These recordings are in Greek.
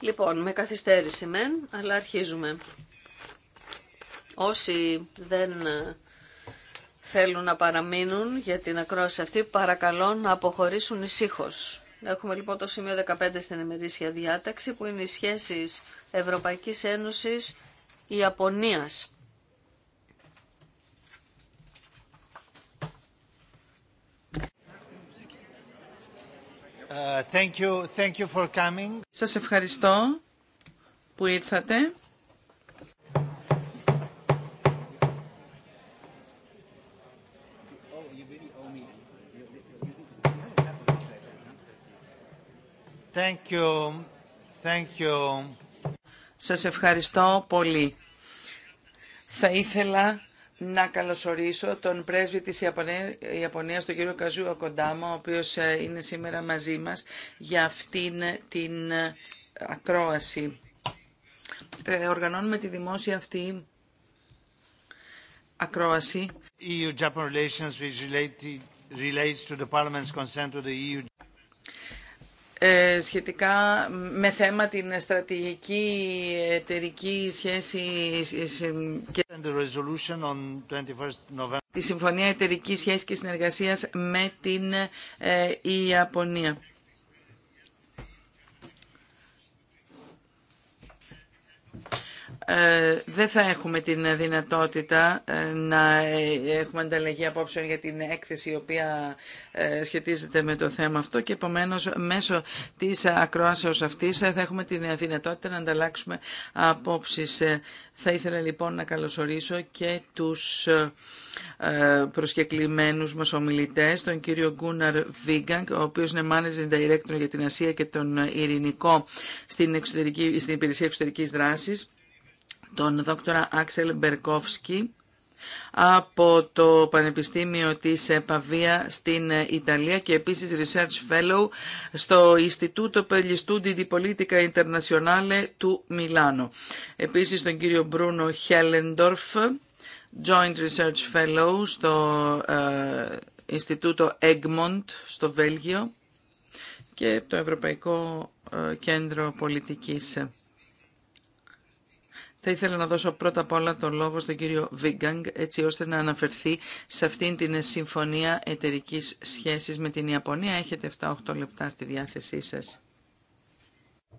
Λοιπόν, με καθυστέρηση μεν, αλλά αρχίζουμε. Όσοι δεν ε, θέλουν να παραμείνουν για την ακρόαση αυτή, παρακαλώ να αποχωρήσουν ησύχω. Έχουμε λοιπόν το σημείο 15 στην ημερήσια διάταξη, που είναι οι σχέσεις Ευρωπαϊκής Ένωσης Ιαπωνίας. Thank you. Thank you for coming. Σας ευχαριστώ που ήρθατε. Thank you. Thank you. Σας ευχαριστώ πολύ. Θα ήθελα να καλωσορίσω τον πρέσβη της Ιαπωνίας, τον κύριο Καζού Ακοντάμα, ο οποίος ε, είναι σήμερα μαζί μας για αυτήν ε, την ε, ακρόαση. Οργανώνουμε τη δημόσια αυτή ακρόαση. EU-Japan relations which relates to the Parliament's consent to the EU ε, σχετικά με θέμα την στρατηγική εταιρική σχέση και τη Συμφωνία εταιρική σχέση και Συνεργασίας με την ε, Ιαπωνία. Ε, δεν θα έχουμε την δυνατότητα ε, να ε, έχουμε ανταλλαγή απόψεων για την έκθεση η οποία σχετίζεται με το θέμα αυτό και επομένως μέσω της ακροάσεως αυτής θα έχουμε την δυνατότητα να ανταλλάξουμε απόψεις. Θα ήθελα λοιπόν να καλωσορίσω και τους προσκεκλημένους μας ομιλητές, τον κύριο Γκούναρ Βίγκανγκ, ο οποίος είναι Managing Director για την Ασία και τον Ειρηνικό στην, στην Υπηρεσία Εξωτερικής Δράσης τον δόκτωρα Άξελ Μπερκόφσκι από το Πανεπιστήμιο της Παβία στην Ιταλία και επίσης Research Fellow στο Ινστιτούτο Πελιστούντι Di Politica του Μιλάνο. Επίσης τον κύριο Μπρούνο Χέλεντορφ, Joint Research Fellow στο ε, Ινστιτούτο Egmont στο Βέλγιο και το Ευρωπαϊκό ε, Κέντρο Πολιτικής. Θα ήθελα να δώσω πρώτα απ' όλα τον λόγο στον κύριο Βίγκαγκ, έτσι ώστε να αναφερθεί σε αυτήν την συμφωνία εταιρική σχέσης με την Ιαπωνία. Έχετε 7-8 λεπτά στη διάθεσή σας.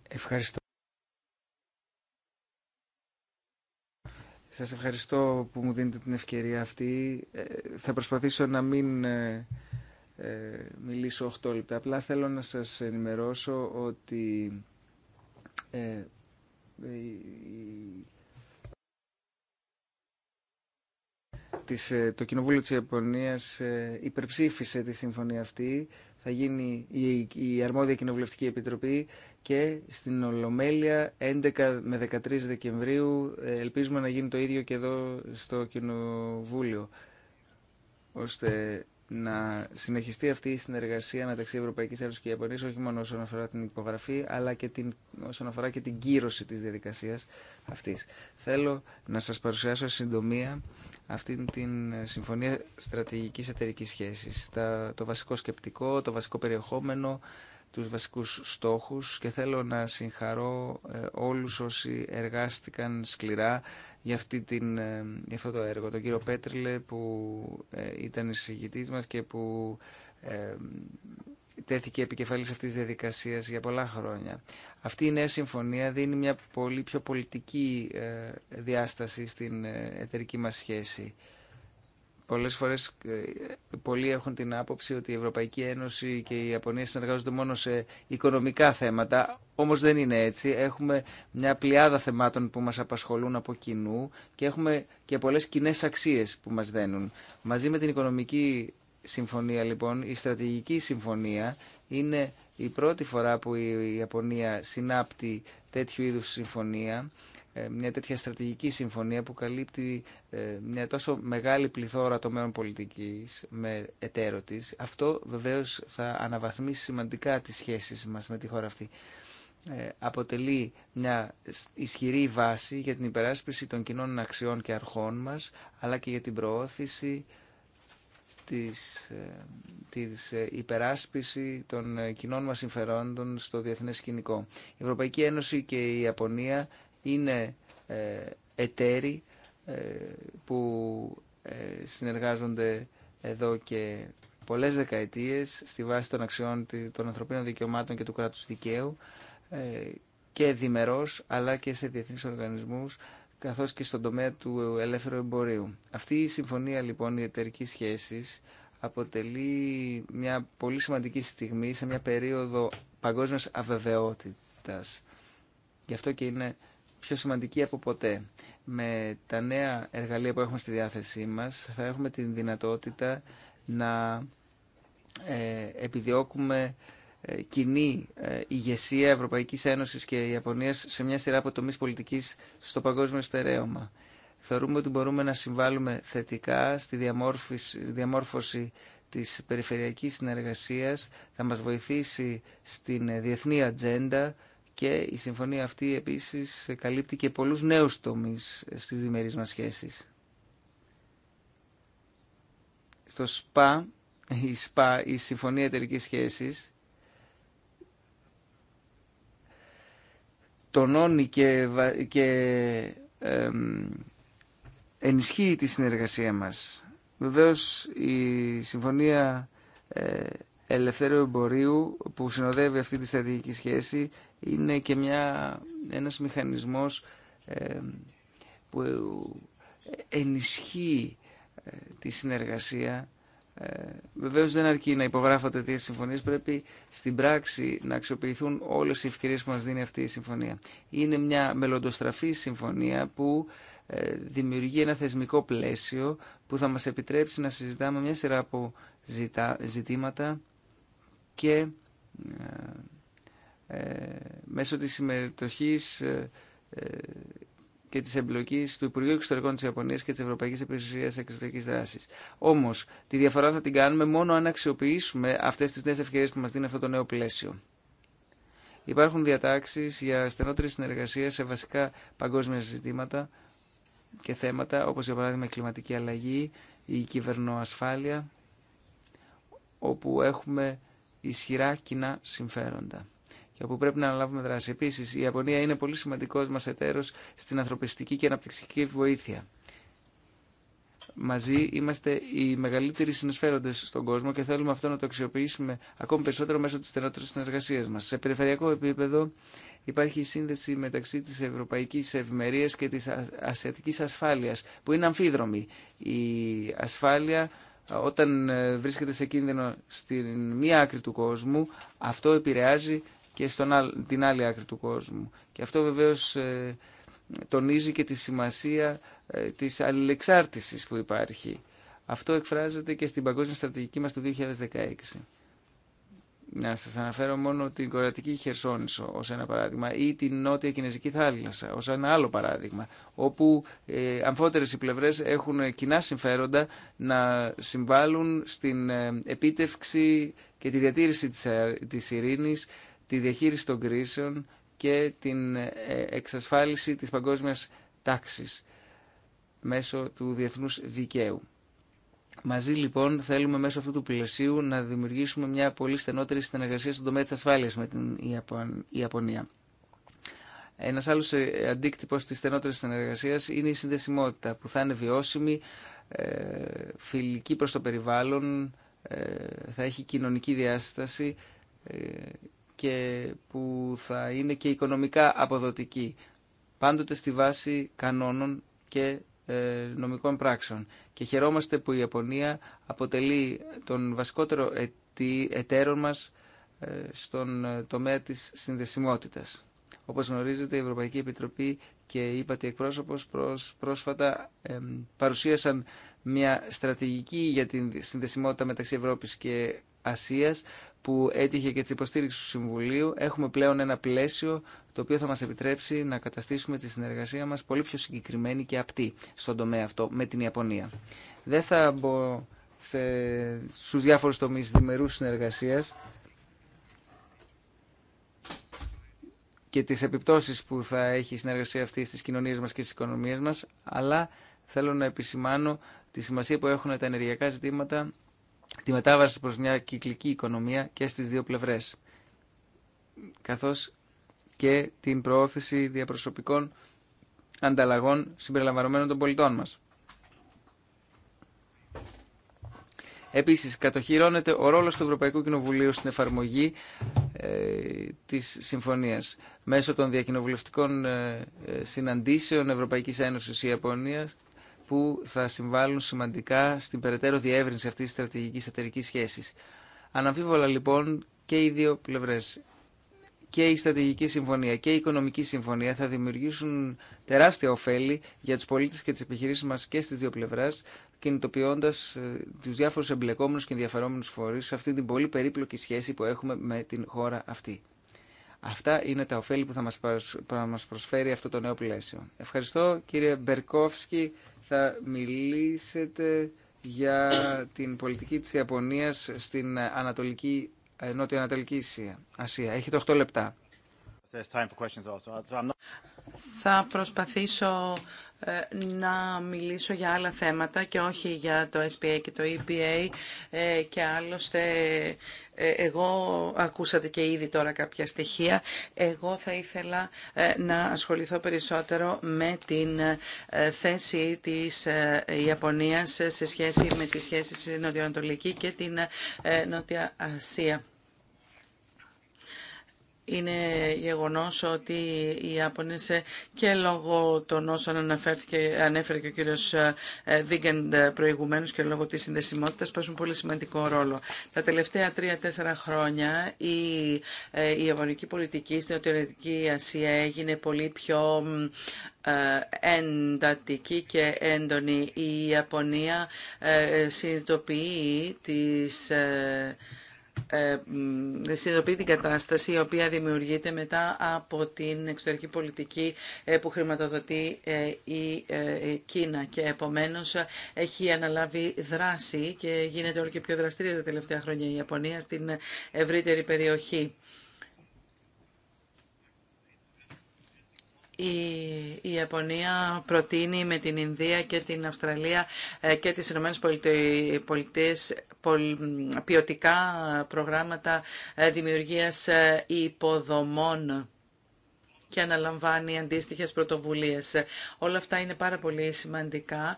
Ευχαριστώ. Σας ευχαριστώ που μου δίνετε την ευκαιρία αυτή. Ε, θα προσπαθήσω να μην ε, ε μιλήσω 8 λεπτά. Απλά θέλω να σας ενημερώσω ότι ε, ε, το Κοινοβούλιο της Ιαπωνίας ε, υπερψήφισε τη συμφωνία αυτή. Θα γίνει η αρμόδια κοινοβουλευτική επιτροπή και στην Ολομέλεια 11 με 13 Δεκεμβρίου ε, ελπίζουμε να γίνει το ίδιο και εδώ στο Κοινοβούλιο ώστε να συνεχιστεί αυτή η συνεργασία μεταξύ Ευρωπαϊκή Ένωση και Ιαπωνία, όχι μόνο όσον αφορά την υπογραφή, αλλά και την, όσον αφορά και την κύρωση τη διαδικασία αυτή. Θέλω να σα παρουσιάσω συντομία αυτή την ε, Συμφωνία Στρατηγική Εταιρική Σχέση. Το βασικό σκεπτικό, το βασικό περιεχόμενο, τους βασικούς στόχους και θέλω να συγχαρώ ε, όλους όσοι εργάστηκαν σκληρά για, αυτή την, ε, για αυτό το έργο. Τον κύριο Πέτριλε που ε, ήταν εισηγητής μας και που ε, τέθηκε επικεφαλής αυτής της διαδικασίας για πολλά χρόνια. Αυτή η νέα συμφωνία δίνει μια πολύ πιο πολιτική διάσταση στην εταιρική μας σχέση. Πολλές φορές ε, πολλοί έχουν την άποψη ότι η Ευρωπαϊκή Ένωση και η Ιαπωνία συνεργάζονται μόνο σε οικονομικά θέματα, όμως δεν είναι έτσι. Έχουμε μια πλειάδα θεμάτων που μας απασχολούν από κοινού και έχουμε και πολλές κοινέ αξίες που μας δένουν. Μαζί με την οικονομική συμφωνία λοιπόν, η στρατηγική συμφωνία είναι η πρώτη φορά που η Ιαπωνία συνάπτει τέτοιου είδους συμφωνία ε, μια τέτοια στρατηγική συμφωνία που καλύπτει ε, μια τόσο μεγάλη πληθώρα τομέων πολιτικής με εταίρο της. Αυτό βεβαίως θα αναβαθμίσει σημαντικά τις σχέσεις μας με τη χώρα αυτή. Ε, αποτελεί μια ισχυρή βάση για την υπεράσπιση των κοινών αξιών και αρχών μας, αλλά και για την προώθηση της, της υπεράσπιση των κοινών μας συμφερόντων στο διεθνές σκηνικό. Η Ευρωπαϊκή Ένωση και η Ιαπωνία είναι ε, εταίροι ε, που ε, συνεργάζονται εδώ και πολλές δεκαετίες στη βάση των αξιών των ανθρωπίνων δικαιωμάτων και του κράτους δικαίου και διμερός αλλά και σε διεθνείς οργανισμούς καθώς και στον τομέα του ελεύθερου εμπορίου. Αυτή η συμφωνία λοιπόν η εταιρική σχέση αποτελεί μια πολύ σημαντική στιγμή σε μια περίοδο παγκόσμιας αβεβαιότητας. Γι' αυτό και είναι πιο σημαντική από ποτέ. Με τα νέα εργαλεία που έχουμε στη διάθεσή μας θα έχουμε την δυνατότητα να ε, επιδιώκουμε ε, κοινή ε, ηγεσία Ευρωπαϊκής Ένωσης και Ιαπωνίας σε μια σειρά από τομείς πολιτικής στο παγκόσμιο στερέωμα. Θεωρούμε ότι μπορούμε να συμβάλλουμε θετικά στη διαμόρφωση, διαμόρφωση της περιφερειακής συνεργασίας, θα μας βοηθήσει στην διεθνή ατζέντα, και η συμφωνία αυτή επίσης καλύπτει και πολλούς νέους τομείς στις διμερείς μας σχέσεις. Στο ΣΠΑ, η, η Συμφωνία Εταιρικής Σχέσης, τονώνει και, και ενισχύει τη συνεργασία μας. Βεβαίως η Συμφωνία ε, ελευθέρου εμπορίου που συνοδεύει αυτή τη στρατηγική σχέση είναι και μια, ένας μηχανισμός ε, που ενισχύει ε, τη συνεργασία. Ε, βεβαίως δεν αρκεί να υπογράφονται τέτοιες συμφωνίες, πρέπει στην πράξη να αξιοποιηθούν όλες οι ευκαιρίες που μας δίνει αυτή η συμφωνία. Είναι μια μελλοντοστραφή συμφωνία που ε, δημιουργεί ένα θεσμικό πλαίσιο που θα μας επιτρέψει να συζητάμε μια σειρά από ζητήματα και ε, ε, μέσω της συμμετοχής ε, και της εμπλοκής του Υπουργείου Εξωτερικών της Ιαπωνίας και της Ευρωπαϊκής Υπηρεσίας Εξωτερικής Δράσης. Όμως, τη διαφορά θα την κάνουμε μόνο αν αξιοποιήσουμε αυτές τις νέες ευκαιρίες που μας δίνει αυτό το νέο πλαίσιο. Υπάρχουν διατάξεις για στενότερη συνεργασία σε βασικά παγκόσμια ζητήματα και θέματα, όπως για παράδειγμα η κλιματική αλλαγή, η κυβερνοασφάλεια, όπου έχουμε ισχυρά κοινά συμφέροντα και όπου πρέπει να αναλάβουμε δράση. Επίση, η Ιαπωνία είναι πολύ σημαντικό μα εταίρο στην ανθρωπιστική και αναπτυξιακή βοήθεια. Μαζί είμαστε οι μεγαλύτεροι συνεισφέροντε στον κόσμο και θέλουμε αυτό να το αξιοποιήσουμε ακόμη περισσότερο μέσω τη στενότερη συνεργασία μα. Σε περιφερειακό επίπεδο υπάρχει η σύνδεση μεταξύ τη ευρωπαϊκή ευημερία και τη ασιατική ασφάλεια, που είναι αμφίδρομη. Η ασφάλεια όταν ε, βρίσκεται σε κίνδυνο στην μία άκρη του κόσμου, αυτό επηρεάζει και στον, την άλλη άκρη του κόσμου. Και αυτό βεβαίως ε, τονίζει και τη σημασία ε, της αλληλεξάρτησης που υπάρχει. Αυτό εκφράζεται και στην παγκόσμια στρατηγική μας του 2016. Να σας αναφέρω μόνο την κορατική Χερσόνησο ως ένα παράδειγμα ή την νότια Κινέζικη θάλασσα ως ένα άλλο παράδειγμα όπου ε, αμφότερες οι πλευρές έχουν κοινά συμφέροντα να συμβάλλουν στην ε, επίτευξη και τη διατήρηση της, ε, της ειρήνης, τη διαχείριση των κρίσεων και την εξασφάλιση της παγκόσμιας τάξης μέσω του διεθνούς δικαίου. Μαζί λοιπόν θέλουμε μέσω αυτού του πλαισίου να δημιουργήσουμε μια πολύ στενότερη συνεργασία στον τομέα της ασφάλειας με την Ιαπωνία. Ένας άλλος ε, αντίκτυπος της στενότερης συνεργασίας είναι η συνδεσιμότητα που θα είναι βιώσιμη, ε, φιλική προς το περιβάλλον, ε, θα έχει κοινωνική διάσταση και που θα είναι και οικονομικά αποδοτική. Πάντοτε στη βάση κανόνων και ε, νομικών πράξεων. Και χαιρόμαστε που η Ιαπωνία αποτελεί τον βασικότερο εταίρο μας ε, στον ε, τομέα της συνδεσιμότητας. Όπως γνωρίζετε, η Ευρωπαϊκή Επιτροπή και η ΥΠΑΤΗ εκπρόσωπος πρόσφατα παρουσίασαν μια στρατηγική για την συνδεσιμότητα μεταξύ Ευρώπης και Ασίας που έτυχε και τη υποστήριξη του Συμβουλίου, έχουμε πλέον ένα πλαίσιο το οποίο θα μας επιτρέψει να καταστήσουμε τη συνεργασία μας πολύ πιο συγκεκριμένη και απτή στον τομέα αυτό με την Ιαπωνία. Δεν θα μπω σε, στους διάφορους τομείς συνεργασία συνεργασίας και τις επιπτώσεις που θα έχει η συνεργασία αυτή στις κοινωνίες μας και στις οικονομίες μας, αλλά θέλω να επισημάνω τη σημασία που έχουν τα ενεργειακά ζητήματα τη μετάβαση προς μια κυκλική οικονομία και στις δύο πλευρές, καθώς και την προώθηση διαπροσωπικών ανταλλαγών συμπεριλαμβανομένων των πολιτών μας. Επίσης, κατοχυρώνεται ο ρόλος του Ευρωπαϊκού Κοινοβουλίου στην εφαρμογή ε, της συμφωνίας μέσω των διακοινοβουλευτικών ε, συναντήσεων Ευρωπαϊκής Ένωσης Ιαπωνίας που θα συμβάλλουν σημαντικά στην περαιτέρω διεύρυνση αυτή τη στρατηγική εταιρική σχέση. Αναμφίβολα λοιπόν και οι δύο πλευρέ και η στρατηγική συμφωνία και η οικονομική συμφωνία θα δημιουργήσουν τεράστια ωφέλη για του πολίτε και τι επιχειρήσει μα και στις δύο πλευρές, κινητοποιώντα ε, του διάφορου εμπλεκόμενου και ενδιαφερόμενου φορεί σε αυτή την πολύ περίπλοκη σχέση που έχουμε με την χώρα αυτή. Αυτά είναι τα ωφέλη που θα μας προσφέρει αυτό το νέο πλαίσιο. Ευχαριστώ κύριε Μπερκόφσκι θα μιλήσετε για την πολιτική της Ιαπωνίας στην Ανατολική, ε, Νότιο-Ανατολική Ασία. Έχετε 8 λεπτά. Θα προσπαθήσω ε, να μιλήσω για άλλα θέματα και όχι για το SPA και το EPA ε, και άλλωστε ε, εγώ ακούσατε και ήδη τώρα κάποια στοιχεία. Εγώ θα ήθελα να ασχοληθώ περισσότερο με την θέση της Ιαπωνίας σε σχέση με τις σχέσεις νοτιοανατολική και την Νότια Ασία. Είναι γεγονός ότι οι Ιάπωνες και λόγω των όσων αναφέρθηκε, ανέφερε και ο κύριος ε, Βίγκεντ προηγουμένως και λόγω της συνδεσιμότητας παίζουν πολύ σημαντικό ρόλο. Τα τελευταία τρία-τέσσερα χρόνια η, ε, η ιαπωνική πολιτική στην Ιωτερική Ασία έγινε πολύ πιο ε, εντατική και έντονη. Η Ιαπωνία συνειδητοποιεί τις ε, συνειδητοποιεί την κατάσταση η οποία δημιουργείται μετά από την εξωτερική πολιτική ε, που χρηματοδοτεί ε, η Κίνα και επομένως έχει αναλάβει δράση και γίνεται όλο και πιο δραστήρια τα τελευταία χρόνια η Ιαπωνία στην ευρύτερη περιοχή. Η Ιαπωνία προτείνει με την Ινδία και την Αυστραλία ε, και τις Ηνωμένες Πολιτείες ποιοτικά προγράμματα ε, δημιουργίας ε, υποδομών και αναλαμβάνει αντίστοιχε πρωτοβουλίε. Όλα αυτά είναι πάρα πολύ σημαντικά,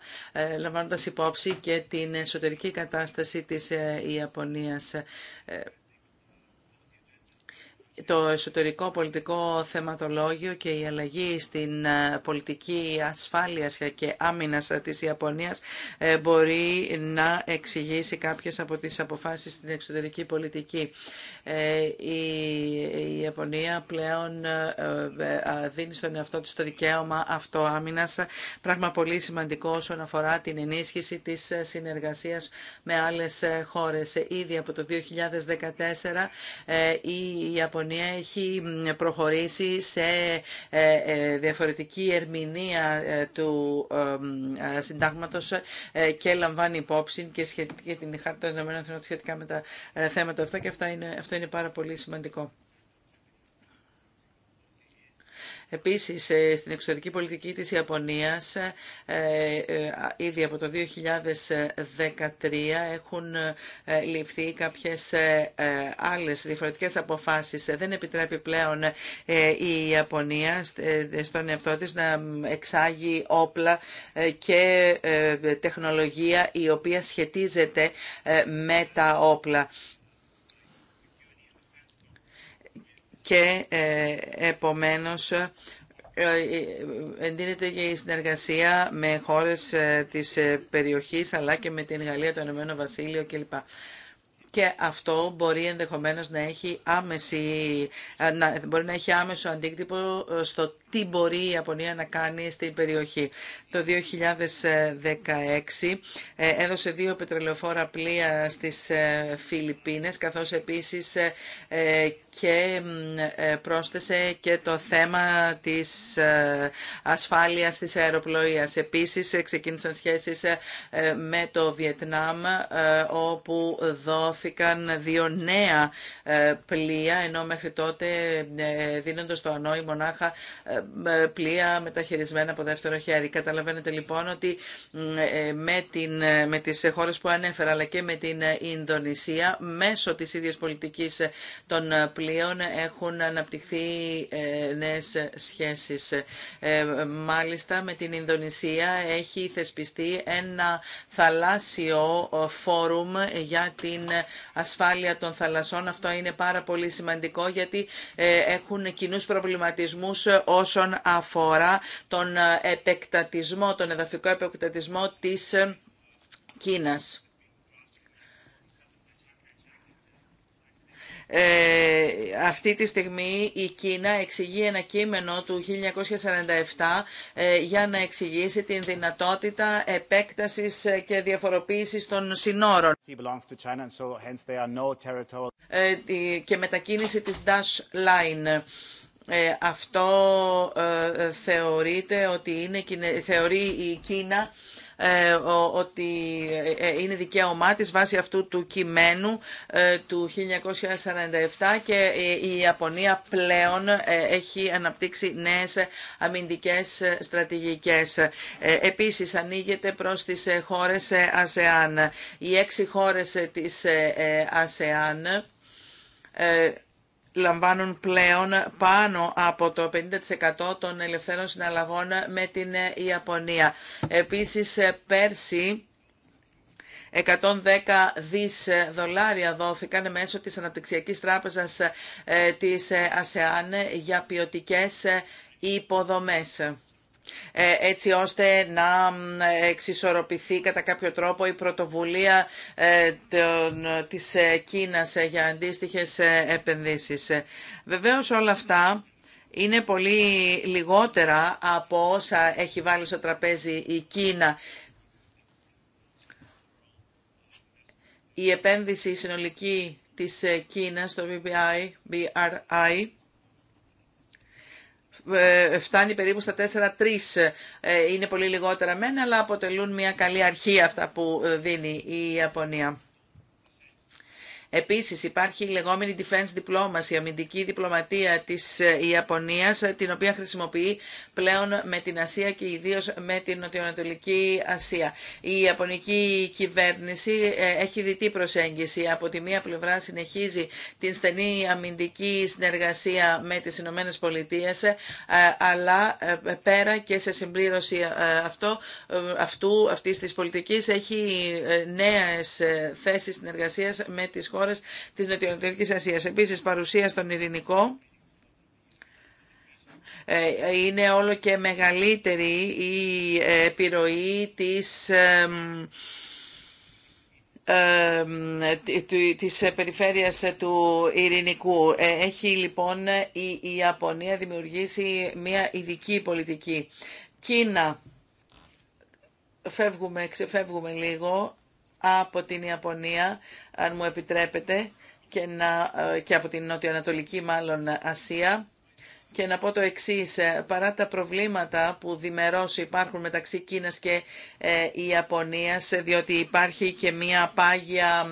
λαμβάνοντα υπόψη και την εσωτερική κατάσταση τη Ιαπωνία το εσωτερικό πολιτικό θεματολόγιο και η αλλαγή στην ε, πολιτική ασφάλεια και άμυνας της Ιαπωνίας ε, μπορεί να εξηγήσει κάποιες από τις αποφάσεις στην εξωτερική πολιτική. Ε, η Ιαπωνία πλέον δίνει στον εαυτό της το δικαίωμα αυτοάμυνας, πράγμα πολύ σημαντικό όσον αφορά την ενίσχυση της συνεργασίας με άλλες χώρες. Ήδη από το 2014 η Συμφωνία έχει προχωρήσει σε ε, ε, διαφορετική ερμηνεία ε, του συντάγματος και λαμβάνει υπόψη και την των σχετικά με τα θέματα αυτά και αυτό είναι πάρα πολύ σημαντικό. Επίσης, ε, στην εξωτερική πολιτική της Ιαπωνίας, ε, ε, ήδη από το 2013 έχουν ληφθεί κάποιες άλλες διαφορετικές αποφάσεις. Δεν επιτρέπει πλέον η Ιαπωνία στον εαυτό της να εξάγει όπλα και τεχνολογία η οποία σχετίζεται με τα όπλα. και ε, επομένως ε, ε, εντείνεται και η συνεργασία με χώρες της περιοχής αλλά και με την Γαλλία, το Ηνωμένο Βασίλειο κλπ. Και αυτό μπορεί ενδεχομένως να έχει, άμεση, μπορεί να έχει άμεσο αντίκτυπο στο τι μπορεί η Ιαπωνία να κάνει στην περιοχή. Το 2016 ε, έδωσε δύο πετρελαιοφόρα πλοία στις ε, Φιλιππίνες, καθώς επίσης ε, και πρόσθεσε και το θέμα της ασφάλειας της αεροπλοείας. Επίσης ξεκίνησαν σχέσεις με το Βιετνάμ, όπου δόθηκαν δύο νέα πλοία, ενώ μέχρι τότε δίνοντας το ανόη μονάχα ε, πλοία μεταχειρισμένα από δεύτερο χέρι. Καταλαβαίνετε λοιπόν ότι ε, με, την, ε, με τις χώρες που ανέφερα αλλά και με την Ινδονησία μέσω της ίδιας πολιτικής των πλοίων έχουν αναπτυχθεί νέες σχέσεις. Μάλιστα με την Ινδονησία έχει θεσπιστεί ένα θαλάσσιο φόρουμ για την ασφάλεια των θαλασσών. Αυτό είναι πάρα πολύ σημαντικό γιατί έχουν κοινούς προβληματισμούς ως όσον αφορά τον ε, επεκτατισμό, τον εδαφικό επεκτατισμό της ε, Κίνας. Ε, αυτή τη στιγμή η Κίνα εξηγεί ένα κείμενο του 1947 για να εξηγήσει την δυνατότητα επέκτασης και διαφοροποίησης των συνόρων και μετακίνηση της Dash Line. Ε, αυτό ε, θεωρείται ότι είναι, θεωρεί η Κίνα ε, ότι είναι δικαίωμά της βάσει αυτού του κειμένου του 1947 και η Ιαπωνία πλέον έχει αναπτύξει νέες αμυντικές στρατηγικές. Επίσης ανοίγεται προς τις χώρες ΑΣΕΑΝ. Οι έξι χώρες της ΑΣΕΑΝ λαμβάνουν πλέον πάνω από το 50% των ελευθέρων συναλλαγών με την Ιαπωνία. Επίσης, πέρσι 110 δις δολάρια δόθηκαν μέσω της Αναπτυξιακής Τράπεζας ε, της ε, ΑΣΕΑΝ για ποιοτικές ε, υποδομές έτσι ώστε να εξισορροπηθεί κατά κάποιο τρόπο η πρωτοβουλία της Κίνας για αντίστοιχες επενδύσεις. Βεβαίως όλα αυτά είναι πολύ λιγότερα από όσα έχει βάλει στο τραπέζι η Κίνα. Η επένδυση συνολική της Κίνας στο BBI, BRI ε, φτάνει περίπου στα 4-3. Ε, είναι πολύ λιγότερα μένα, αλλά αποτελούν μια καλή αρχή αυτά που ε, δίνει η Ιαπωνία. Επίσης υπάρχει η λεγόμενη defense diplomacy, η αμυντική διπλωματία της ε, Ιαπωνίας, ε, την οποία χρησιμοποιεί πλέον με την Ασία και ιδίως με την Νοτιοανατολική Ασία. Η Ιαπωνική κυβέρνηση ε, έχει διτή προσέγγιση. Από τη μία πλευρά συνεχίζει την στενή αμυντική συνεργασία με τις Ηνωμένες Πολιτείες, αλλά πέρα και σε συμπλήρωση αυτό, αυτού, αυτής της πολιτικής έχει νέες θέσεις συνεργασίας με τις χώρες της Ασίας. Επίσης παρουσία στον ειρηνικό ε, είναι όλο και μεγαλύτερη η ε, επιρροή της της περιφέρειας του Ειρηνικού. Ε, έχει λοιπόν η Ιαπωνία δημιουργήσει μια ειδική πολιτική. Κίνα, φεύγουμε, ξεφεύγουμε λίγο, από την Ιαπωνία, αν μου επιτρέπετε, και, να, ε, και από την νοτιοανατολική μάλλον Ασία. Και να πω το εξή: ε, παρά τα προβλήματα που διμερώς υπάρχουν μεταξύ Κίνας και ε, Ιαπωνίας, διότι υπάρχει και μια πάγια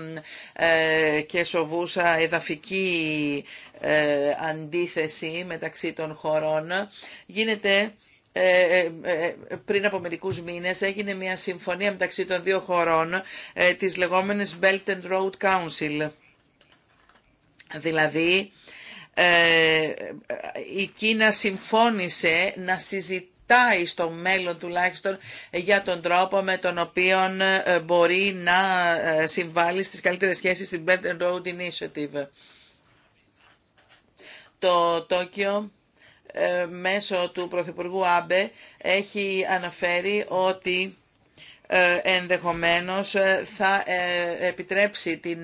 ε, και σοβούσα εδαφική αντίθεση μεταξύ των χωρών, γίνεται ε, ε, ε, πριν από μερικούς μήνες έγινε μια συμφωνία μεταξύ των δύο χωρών της λεγόμενης Belt and Road Council. Δηλαδή η Κίνα συμφώνησε να συζητάει στο μέλλον τουλάχιστον για τον τρόπο με τον οποίο μπορεί να συμβάλλει στις καλύτερες σχέσεις στην Belt and Road Initiative. Το Τόκιο ε, μέσω του Πρωθυπουργού Άμπε έχει αναφέρει ότι ε, ενδεχομένως ε, θα ε, επιτρέψει την,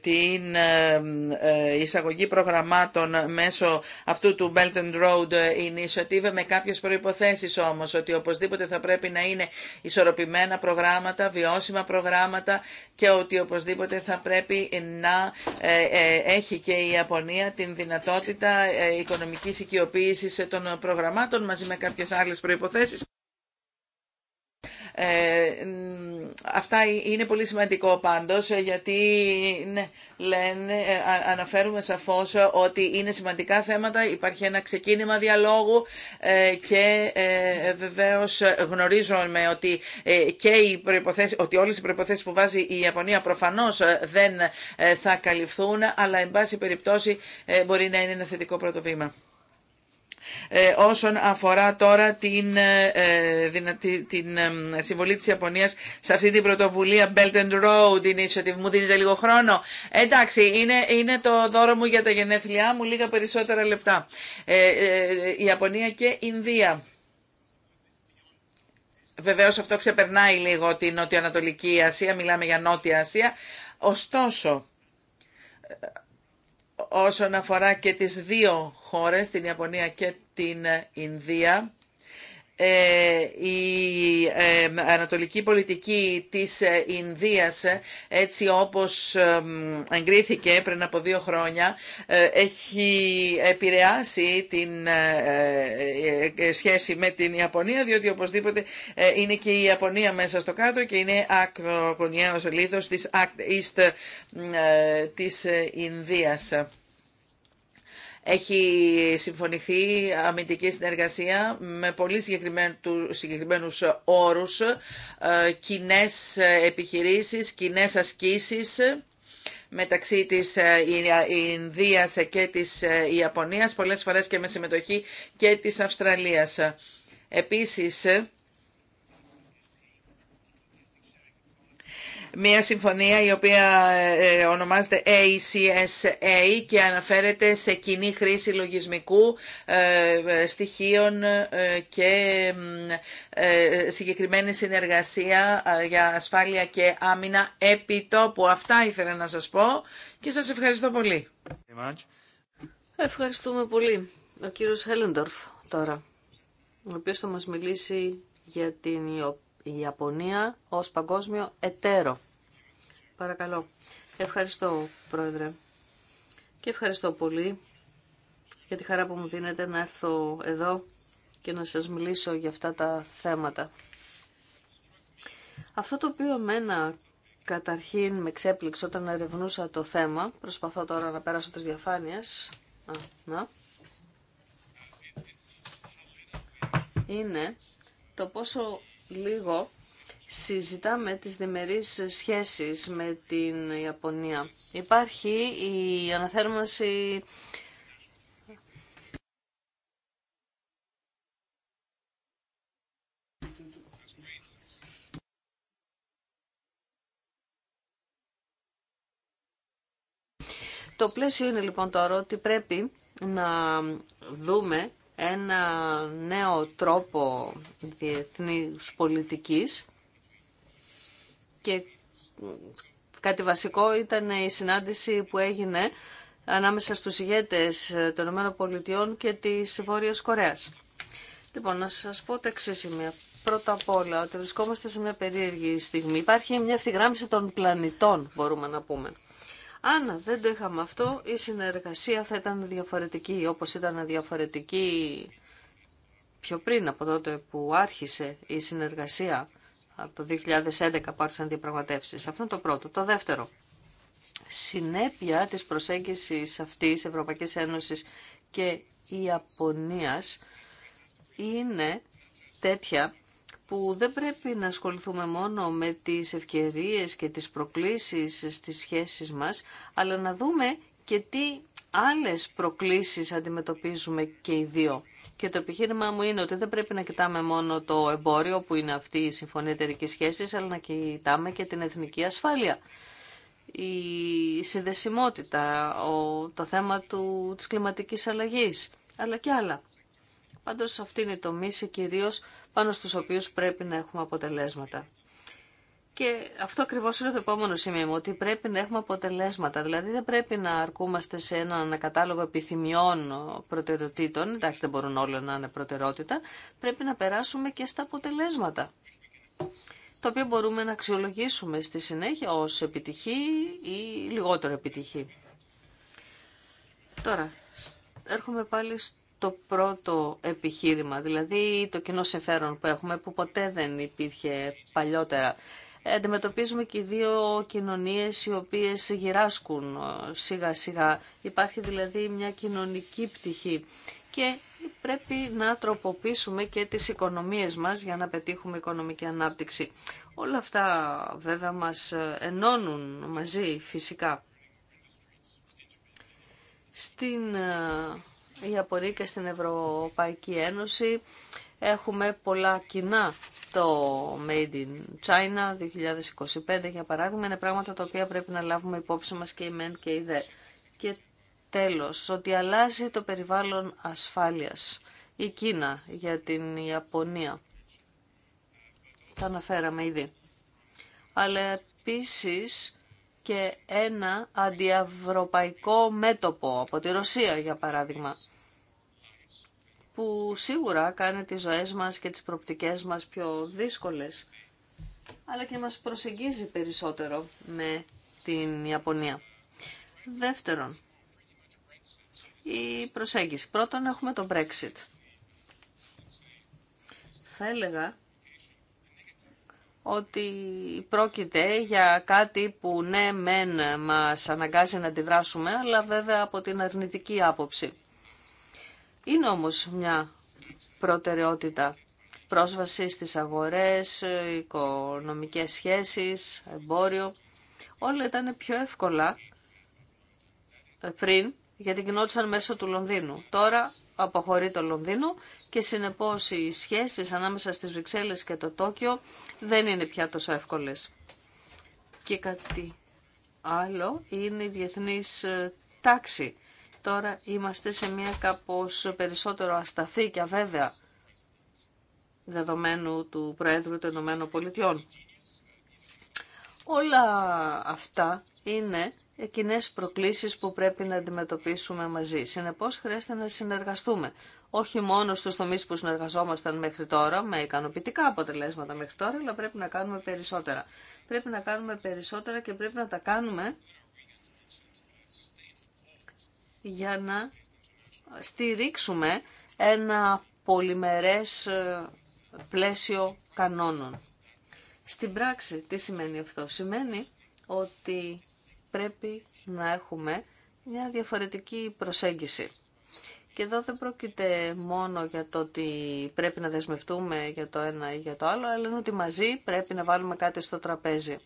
την εισαγωγή προγραμμάτων μέσω αυτού του Belt and Road Initiative με κάποιες προϋποθέσεις όμως ότι οπωσδήποτε θα πρέπει να είναι ισορροπημένα προγράμματα, βιώσιμα προγράμματα και ότι οπωσδήποτε θα πρέπει να έχει και η Ιαπωνία την δυνατότητα οικονομικής οικειοποίησης των προγραμμάτων μαζί με κάποιες άλλες προϋποθέσεις ε, αυτά είναι πολύ σημαντικό πάντως ε, γιατί ναι, λένε, ε, αναφέρουμε σαφώς ότι είναι σημαντικά θέματα, υπάρχει ένα ξεκίνημα διαλόγου και βεβαίως γνωρίζουμε ότι, και οι προϋποθέσεις, ότι όλες οι προϋποθέσεις που βάζει η Ιαπωνία προφανώς δεν θα καλυφθούν αλλά εν πάση περιπτώσει μπορεί να είναι ένα θετικό πρώτο ε, όσον αφορά τώρα την, ε, ε, την συμβολή της Ιαπωνίας σε αυτή την πρωτοβουλία Belt and Road Initiative. Μου δίνετε λίγο χρόνο. Εντάξει, είναι, το δώρο μου για τα γενέθλιά μου, λίγα περισσότερα λεπτά. Η Ιαπωνία και Ινδία. Βεβαίως αυτό ξεπερνάει λίγο την νοτιοανατολική ανατολικη Ασία, μιλάμε για Νότια Ασία. Ωστόσο, όσον αφορά και τις δύο χώρες, την Ιαπωνία και την Ινδία. Ε, η ε, ανατολική πολιτική της Ινδίας, έτσι όπως εγκρίθηκε πριν από δύο χρόνια, ε, έχει επηρεάσει την σχέση με την Ιαπωνία, διότι οπωσδήποτε είναι και η Ιαπωνία μέσα στο κάτω και είναι ακρογωνιαίος λίθος της Act της Ινδίας. Έχει συμφωνηθεί αμυντική συνεργασία με πολύ συγκεκριμένους όρους, ε, κοινέ επιχειρήσεις, κοινέ ασκήσεις μεταξύ της ε, Ινδίας και της ε, Ιαπωνίας, πολλές φορές και με συμμετοχή και της Αυστραλίας. Επίσης, μια συμφωνία η οποία ε, ε, ονομάζεται ACSA και αναφέρεται σε κοινή χρήση λογισμικού ε, στοιχείων και συγκεκριμένη συνεργασία για ασφάλεια και άμυνα επί τόπου. Αυτά ήθελα να σας πω και σας ευχαριστώ πολύ. Ευχαριστούμε πολύ. Ο κύριος Χέλεντορφ τώρα, ο οποίος θα μας μιλήσει για την ΙΟΠ η Ιαπωνία ως παγκόσμιο εταίρο. Παρακαλώ. Ευχαριστώ, Πρόεδρε. Και ευχαριστώ πολύ για τη χαρά που μου δίνετε να έρθω εδώ και να σας μιλήσω για αυτά τα θέματα. Αυτό το οποίο μένα καταρχήν με ξέπληξε όταν ερευνούσα το θέμα, προσπαθώ τώρα να πέρασω τις διαφάνειες, είναι το πόσο λίγο συζητάμε τις διμερείς σχέσεις με την Ιαπωνία. Υπάρχει η αναθέρμανση Το πλαίσιο είναι λοιπόν τώρα ότι πρέπει να δούμε ένα νέο τρόπο διεθνής πολιτικής και κάτι βασικό ήταν η συνάντηση που έγινε ανάμεσα στους ηγέτες των ΗΠΑ και της Βόρειας Κορέας. Λοιπόν, να σας πω τα εξή σημεία. Πρώτα απ' όλα, ότι βρισκόμαστε σε μια περίεργη στιγμή. Υπάρχει μια ευθυγράμμιση των πλανητών, μπορούμε να πούμε. Αν δεν το είχαμε αυτό, η συνεργασία θα ήταν διαφορετική, όπως ήταν διαφορετική πιο πριν από τότε που άρχισε η συνεργασία από το 2011 που άρχισαν διαπραγματεύσεις. Αυτό είναι το πρώτο. Το δεύτερο, συνέπεια της προσέγγισης αυτής Ευρωπαϊκής Ένωσης και Ιαπωνίας είναι τέτοια που δεν πρέπει να ασχοληθούμε μόνο με τις ευκαιρίες και τις προκλήσεις στις σχέσεις μας, αλλά να δούμε και τι άλλες προκλήσεις αντιμετωπίζουμε και οι δύο. Και το επιχείρημά μου είναι ότι δεν πρέπει να κοιτάμε μόνο το εμπόριο που είναι αυτή η συμφωνία εταιρική σχέση, αλλά να κοιτάμε και την εθνική ασφάλεια. Η συνδεσιμότητα, το θέμα του, της κλιματικής αλλαγής, αλλά και άλλα. Πάντως αυτή είναι η τομή σε πάνω στους οποίους πρέπει να έχουμε αποτελέσματα. Και αυτό ακριβώς είναι το επόμενο σημείο μου, ότι πρέπει να έχουμε αποτελέσματα. Δηλαδή δεν πρέπει να αρκούμαστε σε έναν κατάλογο επιθυμιών προτεραιοτήτων, εντάξει δεν μπορούν όλα να είναι προτεραιότητα, πρέπει να περάσουμε και στα αποτελέσματα, τα οποία μπορούμε να αξιολογήσουμε στη συνέχεια ως επιτυχή ή λιγότερο επιτυχή. Τώρα, έρχομαι πάλι το πρώτο επιχείρημα, δηλαδή το κοινό συμφέρον που έχουμε, που ποτέ δεν υπήρχε παλιότερα. Ε, αντιμετωπίζουμε και δύο κοινωνίες οι οποίες γυράσκουν ε, σιγά σιγά. Υπάρχει δηλαδή μια κοινωνική πτυχή και πρέπει να τροποποιήσουμε και τις οικονομίες μας για να πετύχουμε οικονομική ανάπτυξη. Όλα αυτά βέβαια μας ε, ενώνουν μαζί φυσικά. Στην η απορία και στην Ευρωπαϊκή Ένωση. Έχουμε πολλά κοινά. Το Made in China 2025, για παράδειγμα, είναι πράγματα τα οποία πρέπει να λάβουμε υπόψη μας και η ΜΕΝ και η ΔΕ. Και τέλος, ότι αλλάζει το περιβάλλον ασφάλειας. Η Κίνα για την Ιαπωνία. Τα αναφέραμε ήδη. Αλλά επίση και ένα αντιευρωπαϊκό μέτωπο από τη Ρωσία, για παράδειγμα που σίγουρα κάνει τις ζωές μας και τις προπτικές μας πιο δύσκολες, αλλά και μας προσεγγίζει περισσότερο με την Ιαπωνία. Δεύτερον, η προσέγγιση. Πρώτον, έχουμε το Brexit. Θα έλεγα ότι πρόκειται για κάτι που ναι μεν μας αναγκάζει να αντιδράσουμε, αλλά βέβαια από την αρνητική άποψη. Είναι όμως μια προτεραιότητα πρόσβαση στις αγορές, οικονομικές σχέσεις, εμπόριο. Όλα ήταν πιο εύκολα πριν γιατί γινόντουσαν μέσω του Λονδίνου. Τώρα αποχωρεί το Λονδίνο και συνεπώς οι σχέσεις ανάμεσα στις Βρυξέλλες και το Τόκιο δεν είναι πια τόσο εύκολες. Και κάτι άλλο είναι η διεθνής ε, τάξη Τώρα είμαστε σε μια κάπως περισσότερο ασταθή και αβέβαια δεδομένου του Προέδρου των Ηνωμένων Πολιτειών. Όλα αυτά είναι κοινέ προκλήσεις που πρέπει να αντιμετωπίσουμε μαζί. Συνεπώς χρειάζεται να συνεργαστούμε. Όχι μόνο στους τομείς που συνεργαζόμασταν μέχρι τώρα, με ικανοποιητικά αποτελέσματα μέχρι τώρα, αλλά πρέπει να κάνουμε περισσότερα. Πρέπει να κάνουμε περισσότερα και πρέπει να τα κάνουμε για να στηρίξουμε ένα πολυμερές ε, πλαίσιο κανόνων. Στην πράξη τι σημαίνει αυτό. Σημαίνει ότι πρέπει να έχουμε μια διαφορετική προσέγγιση. Και εδώ δεν πρόκειται μόνο για το ότι πρέπει να δεσμευτούμε για το ένα ή για το άλλο, αλλά είναι ότι μαζί πρέπει να βάλουμε κάτι στο τραπέζι.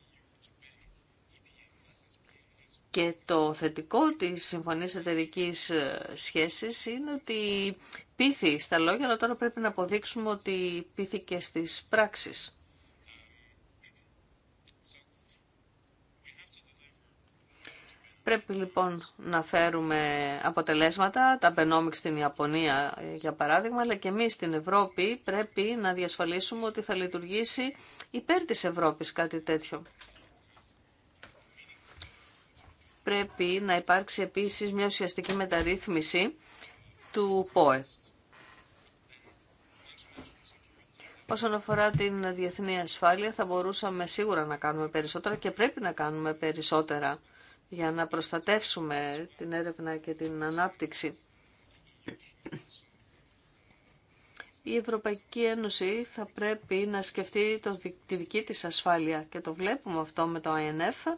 Και το θετικό της Συμφωνίας Εταιρικής Σχέσης είναι ότι πείθει στα λόγια, αλλά τώρα πρέπει να αποδείξουμε ότι πείθηκε στις πράξεις. Πρέπει λοιπόν να φέρουμε αποτελέσματα, τα Benomics στην Ιαπωνία για παράδειγμα, αλλά και εμείς στην Ευρώπη πρέπει να διασφαλίσουμε ότι θα λειτουργήσει υπέρ της Ευρώπης κάτι τέτοιο πρέπει να υπάρξει επίσης μια ουσιαστική μεταρρύθμιση του ΠΟΕ. Όσον αφορά την διεθνή ασφάλεια θα μπορούσαμε σίγουρα να κάνουμε περισσότερα και πρέπει να κάνουμε περισσότερα για να προστατεύσουμε την έρευνα και την ανάπτυξη. Η Ευρωπαϊκή Ένωση θα πρέπει να σκεφτεί το, τη δική της ασφάλεια και το βλέπουμε αυτό με το INF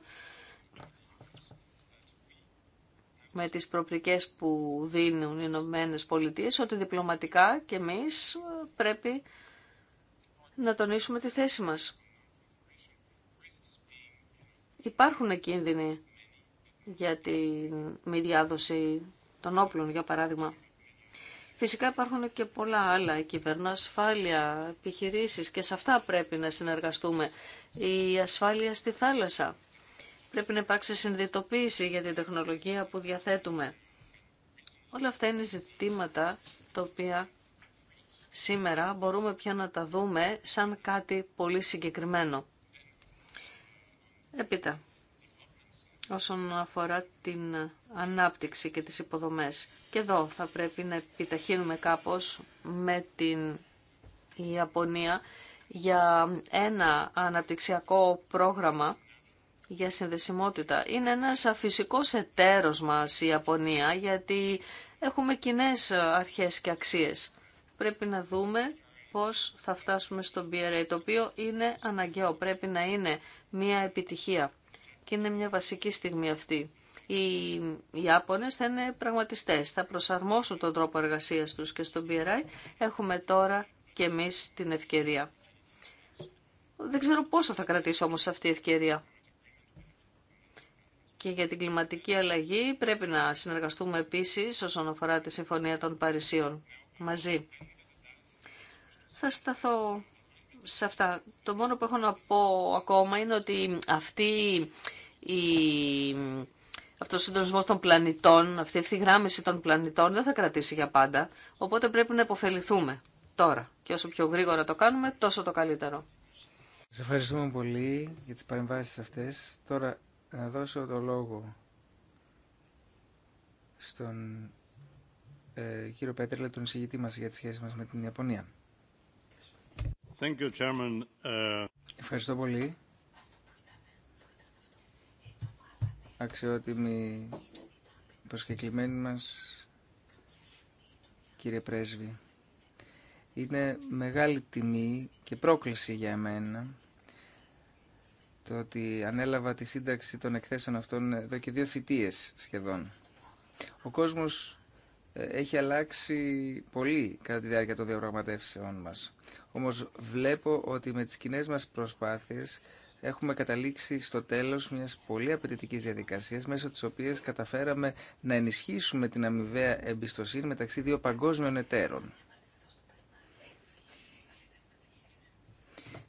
με τις προπτικές που δίνουν οι Ηνωμένε Πολιτείε ότι διπλωματικά και εμείς ε, πρέπει να τονίσουμε τη θέση μας. Υπάρχουν κίνδυνοι για τη μη διάδοση των όπλων, για παράδειγμα. Φυσικά υπάρχουν και πολλά άλλα, ασφάλεια, επιχειρήσεις και σε αυτά πρέπει να συνεργαστούμε. Η ασφάλεια στη θάλασσα Πρέπει να υπάρξει συνδυτοποίηση για την τεχνολογία που διαθέτουμε. Όλα αυτά είναι ζητήματα τα οποία σήμερα μπορούμε πια να τα δούμε σαν κάτι πολύ συγκεκριμένο. Επίτα, όσον αφορά την ανάπτυξη και τις υποδομές. Και εδώ θα πρέπει να επιταχύνουμε κάπως με την Ιαπωνία για ένα αναπτυξιακό πρόγραμμα για συνδεσιμότητα. Είναι ένας αφυσικός εταίρος μας η Ιαπωνία γιατί έχουμε κοινέ αρχές και αξίες. Πρέπει να δούμε πώς θα φτάσουμε στο BRA, το οποίο είναι αναγκαίο, πρέπει να είναι μια επιτυχία και είναι μια βασική στιγμή αυτή. Οι Ιάπωνες θα είναι πραγματιστές, θα προσαρμόσουν τον τρόπο εργασίας τους και στον BRI έχουμε τώρα και εμείς την ευκαιρία. Δεν ξέρω πόσο θα κρατήσω όμως αυτή η ευκαιρία και για την κλιματική αλλαγή πρέπει να συνεργαστούμε επίσης όσον αφορά τη Συμφωνία των Παρισίων μαζί. Θα σταθώ σε αυτά. Το μόνο που έχω να πω ακόμα είναι ότι αυτή η... αυτός ο συντονισμό των πλανητών, αυτή η ευθυγράμμιση των πλανητών δεν θα κρατήσει για πάντα, οπότε πρέπει να υποφεληθούμε τώρα. Και όσο πιο γρήγορα το κάνουμε, τόσο το καλύτερο. Σας ευχαριστούμε πολύ για τις παρεμβάσεις αυτές. Τώρα να δώσω το λόγο στον ε, κύριο Πέτρελε, τον συγητή μας για τις σχέσεις μας με την Ιαπωνία. you, ε, Ευχαριστώ πολύ. Αξιότιμη προσκεκλημένη μας, κύριε Πρέσβη. Είναι μεγάλη τιμή και πρόκληση για εμένα το ότι ανέλαβα τη σύνταξη των εκθέσεων αυτών εδώ και δύο θητείες σχεδόν. Ο κόσμος ε, έχει αλλάξει πολύ κατά τη διάρκεια των διαπραγματεύσεών μας. Όμως βλέπω ότι με τις κοινέ μας προσπάθειες έχουμε καταλήξει στο τέλος μιας πολύ απαιτητικής διαδικασίας μέσω της οποίας καταφέραμε να ενισχύσουμε την αμοιβαία εμπιστοσύνη μεταξύ δύο παγκόσμιων εταίρων.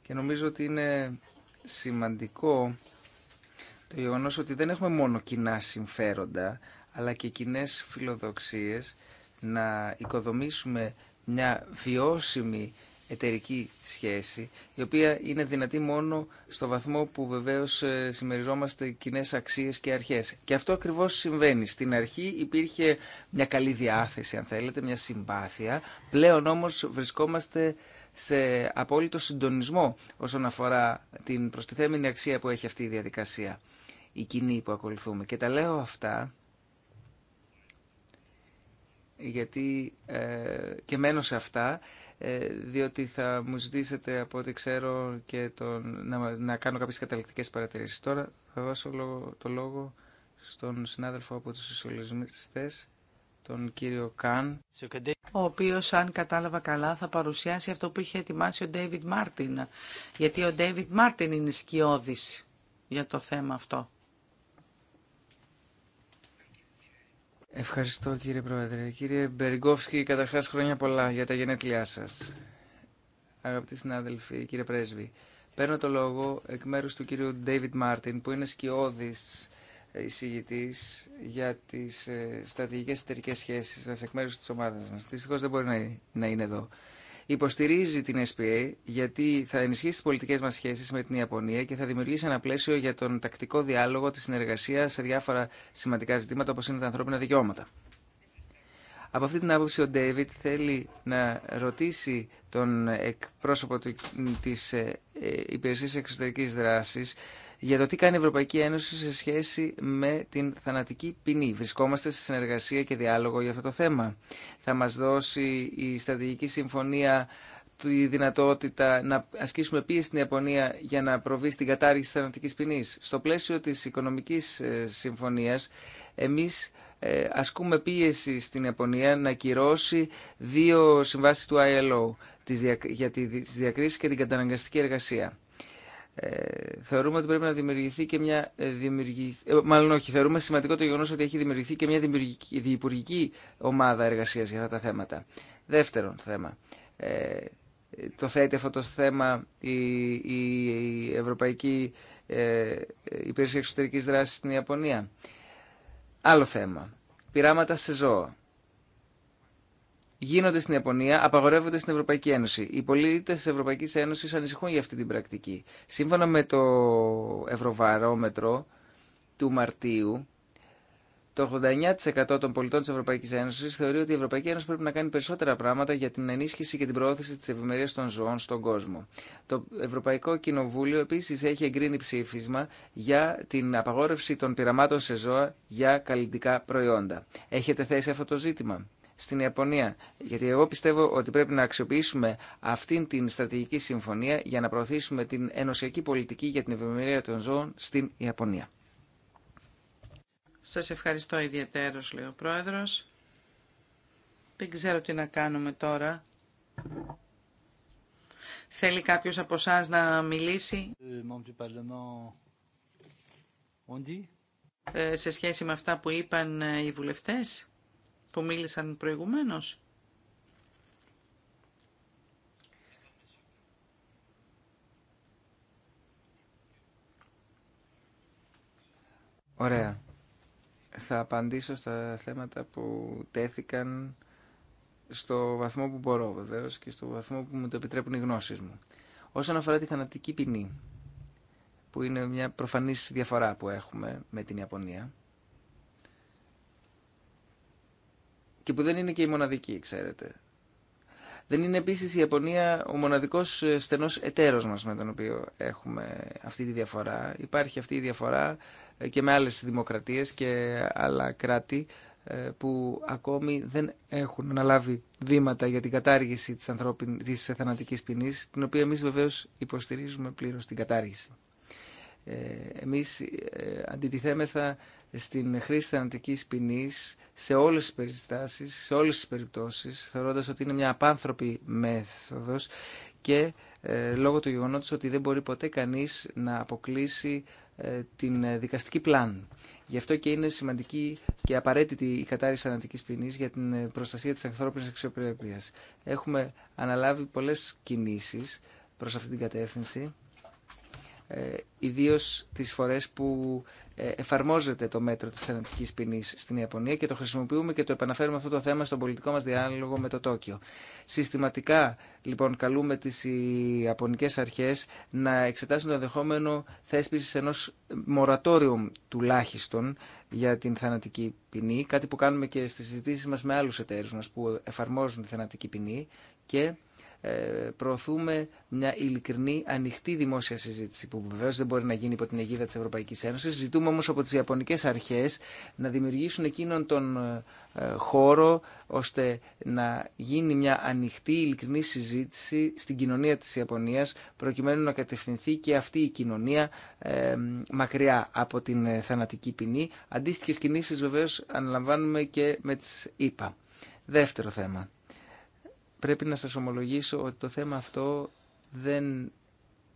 Και νομίζω ότι είναι σημαντικό το γεγονός ότι δεν έχουμε μόνο κοινά συμφέροντα, αλλά και κοινέ φιλοδοξίες να οικοδομήσουμε μια βιώσιμη εταιρική σχέση, η οποία είναι δυνατή μόνο στο βαθμό που βεβαίως ε, συμμεριζόμαστε κοινέ αξίες και αρχές. Και αυτό ακριβώς συμβαίνει. Στην αρχή υπήρχε μια καλή διάθεση, αν θέλετε, μια συμπάθεια. Πλέον όμως βρισκόμαστε σε απόλυτο συντονισμό όσον αφορά την προστιθέμενη αξία που έχει αυτή η διαδικασία, η κοινή που ακολουθούμε. Και τα λέω αυτά γιατί ε, και μένω σε αυτά, ε, διότι θα μου ζητήσετε από ό,τι ξέρω και τον, να, να κάνω κάποιες καταληκτικές παρατηρήσεις. Τώρα θα δώσω το λόγο στον συνάδελφο από τους ισολογιστές, τον κύριο Καν, ο οποίος αν κατάλαβα καλά θα παρουσιάσει αυτό που είχε ετοιμάσει ο Ντέιβιντ Μάρτιν, γιατί ο Ντέιβιντ Μάρτιν είναι σκιώδης για το θέμα αυτό. Ευχαριστώ κύριε Πρόεδρε. Κύριε Μπεργκόφσκι, καταρχάς χρόνια πολλά για τα γενέθλιά σας. Αγαπητοί συνάδελφοι, κύριε Πρέσβη, παίρνω το λόγο εκ μέρους του κύριου Ντέιβιτ Μάρτιν, που είναι σκιώδης εισηγητή για τις ε, στρατηγικέ εταιρικέ σχέσει μα εκ μέρου της ομάδας μας. Δυστυχώ δεν μπορεί να είναι εδώ. Υποστηρίζει την SPA γιατί θα ενισχύσει τι πολιτικέ μα σχέσει με την Ιαπωνία και θα δημιουργήσει ένα πλαίσιο για τον τακτικό διάλογο, τη συνεργασία σε διάφορα σημαντικά ζητήματα όπω είναι τα ανθρώπινα δικαιώματα. Από αυτή την άποψη ο Ντέιβιτ θέλει να ρωτήσει τον εκπρόσωπο της ε, ε, υπηρεσία εξωτερική δράση για το τι κάνει η Ευρωπαϊκή Ένωση σε σχέση με την θανατική ποινή. Βρισκόμαστε σε συνεργασία και διάλογο για αυτό το θέμα. Θα μας δώσει η Στρατηγική Συμφωνία τη δυνατότητα να ασκήσουμε πίεση στην Ιαπωνία για να προβεί στην κατάργηση της θανατικής ποινής. Στο πλαίσιο της Οικονομικής ε, Συμφωνίας, εμείς ε, ασκούμε πίεση στην Ιαπωνία να κυρώσει δύο συμβάσεις του ILO για τις διακρίσεις και την καταναγκαστική εργασία. Ε, θεωρούμε ότι πρέπει να δημιουργηθεί και μια ε, ε, μάλλον όχι, θεωρούμε σημαντικό το γεγονός ότι έχει δημιουργηθεί και μια δημιουργική, ομάδα εργασίας για αυτά τα θέματα. Δεύτερον θέμα, ε, το θέτει αυτό το θέμα η, η, η Ευρωπαϊκή ε, Υπηρεσία εξωτερική δράση στην Ιαπωνία. Άλλο θέμα, πειράματα σε ζώα γίνονται στην Ιαπωνία απαγορεύονται στην Ευρωπαϊκή Ένωση. Οι πολίτε τη Ευρωπαϊκή Ένωση ανησυχούν για αυτή την πρακτική. Σύμφωνα με το Ευρωβαρόμετρο του Μαρτίου, το 89% των πολιτών τη Ευρωπαϊκή Ένωση θεωρεί ότι η Ευρωπαϊκή Ένωση πρέπει να κάνει περισσότερα πράγματα για την ενίσχυση και την προώθηση τη ευημερία των ζώων στον κόσμο. Το Ευρωπαϊκό Κοινοβούλιο επίση έχει εγκρίνει ψήφισμα για την απαγόρευση των πειραμάτων σε ζώα για καλλιτικά προϊόντα. Έχετε θέσει αυτό το ζήτημα στην Ιαπωνία. Γιατί εγώ πιστεύω ότι πρέπει να αξιοποιήσουμε αυτήν την στρατηγική συμφωνία για να προωθήσουμε την ενωσιακή πολιτική για την ευημερία των ζώων στην Ιαπωνία. Σας ευχαριστώ ιδιαίτερος, λέει ο Πρόεδρος. Δεν ξέρω τι να κάνουμε τώρα. Θέλει κάποιος από εσά να μιλήσει ε, ε, σε σχέση με αυτά που είπαν ε, οι βουλευτές που μίλησαν προηγουμένως. Ωραία. Θα απαντήσω στα θέματα που τέθηκαν στο βαθμό που μπορώ βεβαίω και στο βαθμό που μου το επιτρέπουν οι γνώσει μου. Όσον αφορά τη θανατική ποινή, που είναι μια προφανής διαφορά που έχουμε με την Ιαπωνία, και που δεν είναι και η μοναδική, ξέρετε. Δεν είναι επίση η Ιαπωνία ο μοναδικός ε, στενός εταίρο μας με τον οποίο έχουμε αυτή τη διαφορά. Υπάρχει αυτή η διαφορά ε, και με άλλες δημοκρατίες και άλλα κράτη ε, που ακόμη δεν έχουν αναλάβει βήματα για την κατάργηση της, ανθρώπιν, της θανατικής ποινής, την οποία εμείς βεβαίως υποστηρίζουμε πλήρως την κατάργηση. Εμείς αντιτιθέμεθα στην χρήση θανατική ποινή σε όλες τις περιστάσεις, σε όλες τις περιπτώσεις, θεωρώντα ότι είναι μια απάνθρωπη μέθοδος και ε, λόγω του γεγονότος ότι δεν μπορεί ποτέ κανείς να αποκλείσει ε, την ε, δικαστική πλάν Γι' αυτό και είναι σημαντική και απαραίτητη η της θανατική ποινή για την ε, προστασία τη ανθρώπινη αξιοπρέπεια. Έχουμε αναλάβει πολλέ κινήσει προς αυτή την κατεύθυνση ε, ιδίως τις φορές που ε, εφαρμόζεται το μέτρο της θανατικής ποινή στην Ιαπωνία και το χρησιμοποιούμε και το επαναφέρουμε αυτό το θέμα στον πολιτικό μας διάλογο με το Τόκιο. Συστηματικά λοιπόν καλούμε τις Ιαπωνικές αρχές να εξετάσουν το ενδεχόμενο θέσπιση ενός μορατόριου τουλάχιστον για την θανατική ποινή, κάτι που κάνουμε και στις συζητήσεις μας με άλλους εταίρους μας που εφαρμόζουν τη θανατική ποινή και ε, προωθούμε μια ειλικρινή, ανοιχτή δημόσια συζήτηση, που βεβαίω δεν μπορεί να γίνει υπό την αιγίδα τη Ευρωπαϊκή Ένωση. Ζητούμε όμω από τι Ιαπωνικέ Αρχέ να δημιουργήσουν εκείνον τον ε, χώρο, ώστε να γίνει μια ανοιχτή, ειλικρινή συζήτηση στην κοινωνία τη Ιαπωνία, προκειμένου να κατευθυνθεί και αυτή η κοινωνία ε, μακριά από την θανατική ποινή. Αντίστοιχε κινήσει βεβαίω αναλαμβάνουμε και με τι ΗΠΑ. Δεύτερο θέμα πρέπει να σας ομολογήσω ότι το θέμα αυτό δεν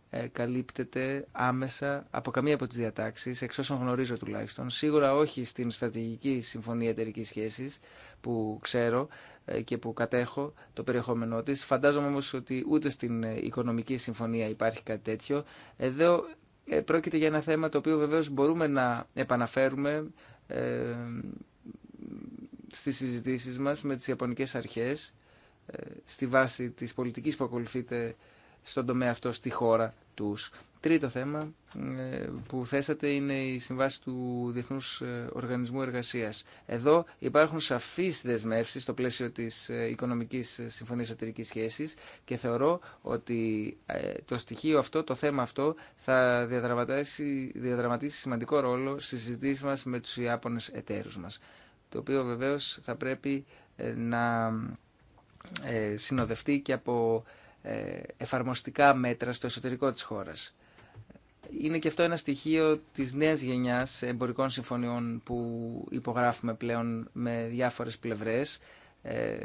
ε, καλύπτεται άμεσα από καμία από τις διατάξεις, εξ όσων γνωρίζω τουλάχιστον. Σίγουρα όχι στην στρατηγική συμφωνία εταιρικής σχέσης που ξέρω ε, και που κατέχω το περιεχόμενό της. Φαντάζομαι όμως ότι ούτε στην ε, οικονομική συμφωνία υπάρχει κάτι τέτοιο. Εδώ πρόκειται για ένα θέμα το οποίο βεβαίως μπορούμε να επαναφέρουμε στις συζητήσεις μας με τις Ιαπωνικές Αρχές ε, στη βάση της πολιτικής που ακολουθείται στον τομέα αυτό στη χώρα τους. Τρίτο θέμα ε, που θέσατε είναι η συμβάση του Διεθνούς ε, Οργανισμού Εργασίας. Εδώ υπάρχουν σαφείς δεσμεύσεις στο πλαίσιο της Οικονομικής Συμφωνίας Εταιρικής Σχέσης και θεωρώ ότι το στοιχείο αυτό, το θέμα αυτό θα διαδραματίσει, διαδραματίσει σημαντικό ρόλο στις συζητήσεις μας με τους Ιάπωνες εταίρους μας, το οποίο βεβαίως θα πρέπει να ε, συνοδευτεί και από ε, εφαρμοστικά μέτρα στο εσωτερικό της χώρας. Είναι και αυτό ένα στοιχείο της νέας γενιάς εμπορικών συμφωνιών που υπογράφουμε πλέον με διάφορες πλευρές ε,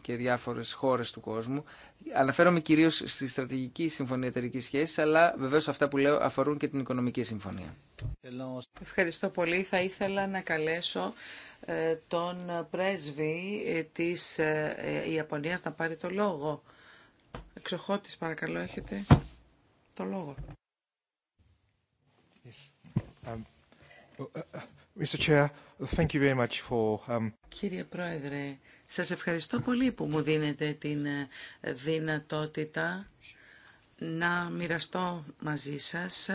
και διάφορες χώρες του κόσμου. Αναφέρομαι κυρίως στη στρατηγική συμφωνία εταιρική σχέση, αλλά βεβαίως αυτά που λέω αφορούν και την οικονομική συμφωνία. Ευχαριστώ πολύ. Θα ήθελα να καλέσω ε, τον πρέσβη της ε, ε, Ιαπωνίας να πάρει το λόγο. εξοχώτης παρακαλώ έχετε το λόγο. Um, oh, uh, uh, Mr. Chair, thank you very much for... Um, Κύριε Πρόεδρε, σας ευχαριστώ πολύ που μου δίνετε την δυνατότητα να μοιραστώ μαζί σας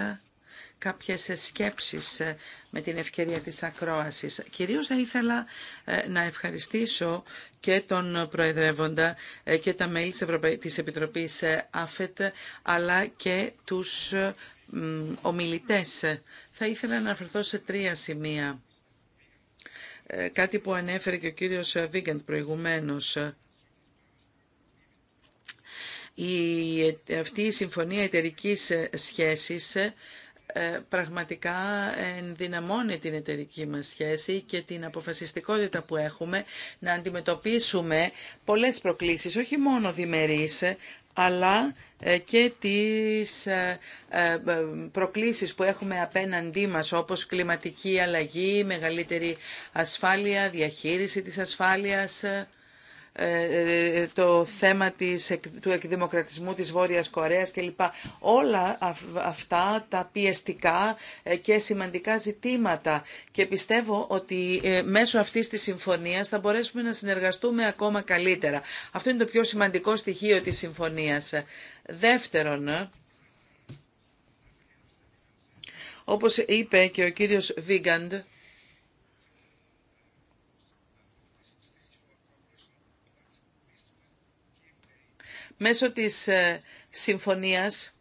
κάποιες σκέψεις ε, με την ευκαιρία της ακρόασης. Κυρίως θα ήθελα ε, να ευχαριστήσω και τον Προεδρεύοντα ε, και τα μέλη της, Επιτροπής ΑΦΕΤ αλλά και τους ομιλητές. Θα ήθελα να αναφερθώ σε τρία σημεία. Κάτι που ανέφερε και ο κύριος Βίγκαντ προηγουμένως. Η, αυτή η συμφωνία εταιρικής σχέσης ε, πραγματικά ενδυναμώνει την εταιρική μας σχέση και την αποφασιστικότητα που έχουμε να αντιμετωπίσουμε πολλές προκλήσεις, όχι μόνο διμερείς, αλλά ε, και τις ε, προκλήσεις που έχουμε απέναντί μας, όπως κλιματική αλλαγή, μεγαλύτερη ασφάλεια, διαχείριση της ασφάλειας, ε, ε, το θέμα της, του εκδημοκρατισμού της Βόρειας Κορέας κλπ. Όλα αυτά τα πιεστικά ε, και σημαντικά ζητήματα και πιστεύω ότι μέσω αυτής της συμφωνίας θα μπορέσουμε να συνεργαστούμε ακόμα καλύτερα. Αυτό είναι το πιο σημαντικό στοιχείο της συμφωνίας. Δεύτερον, όπως είπε και ο κύριος Βίγκαντ, μέσω της ε, συμφωνίας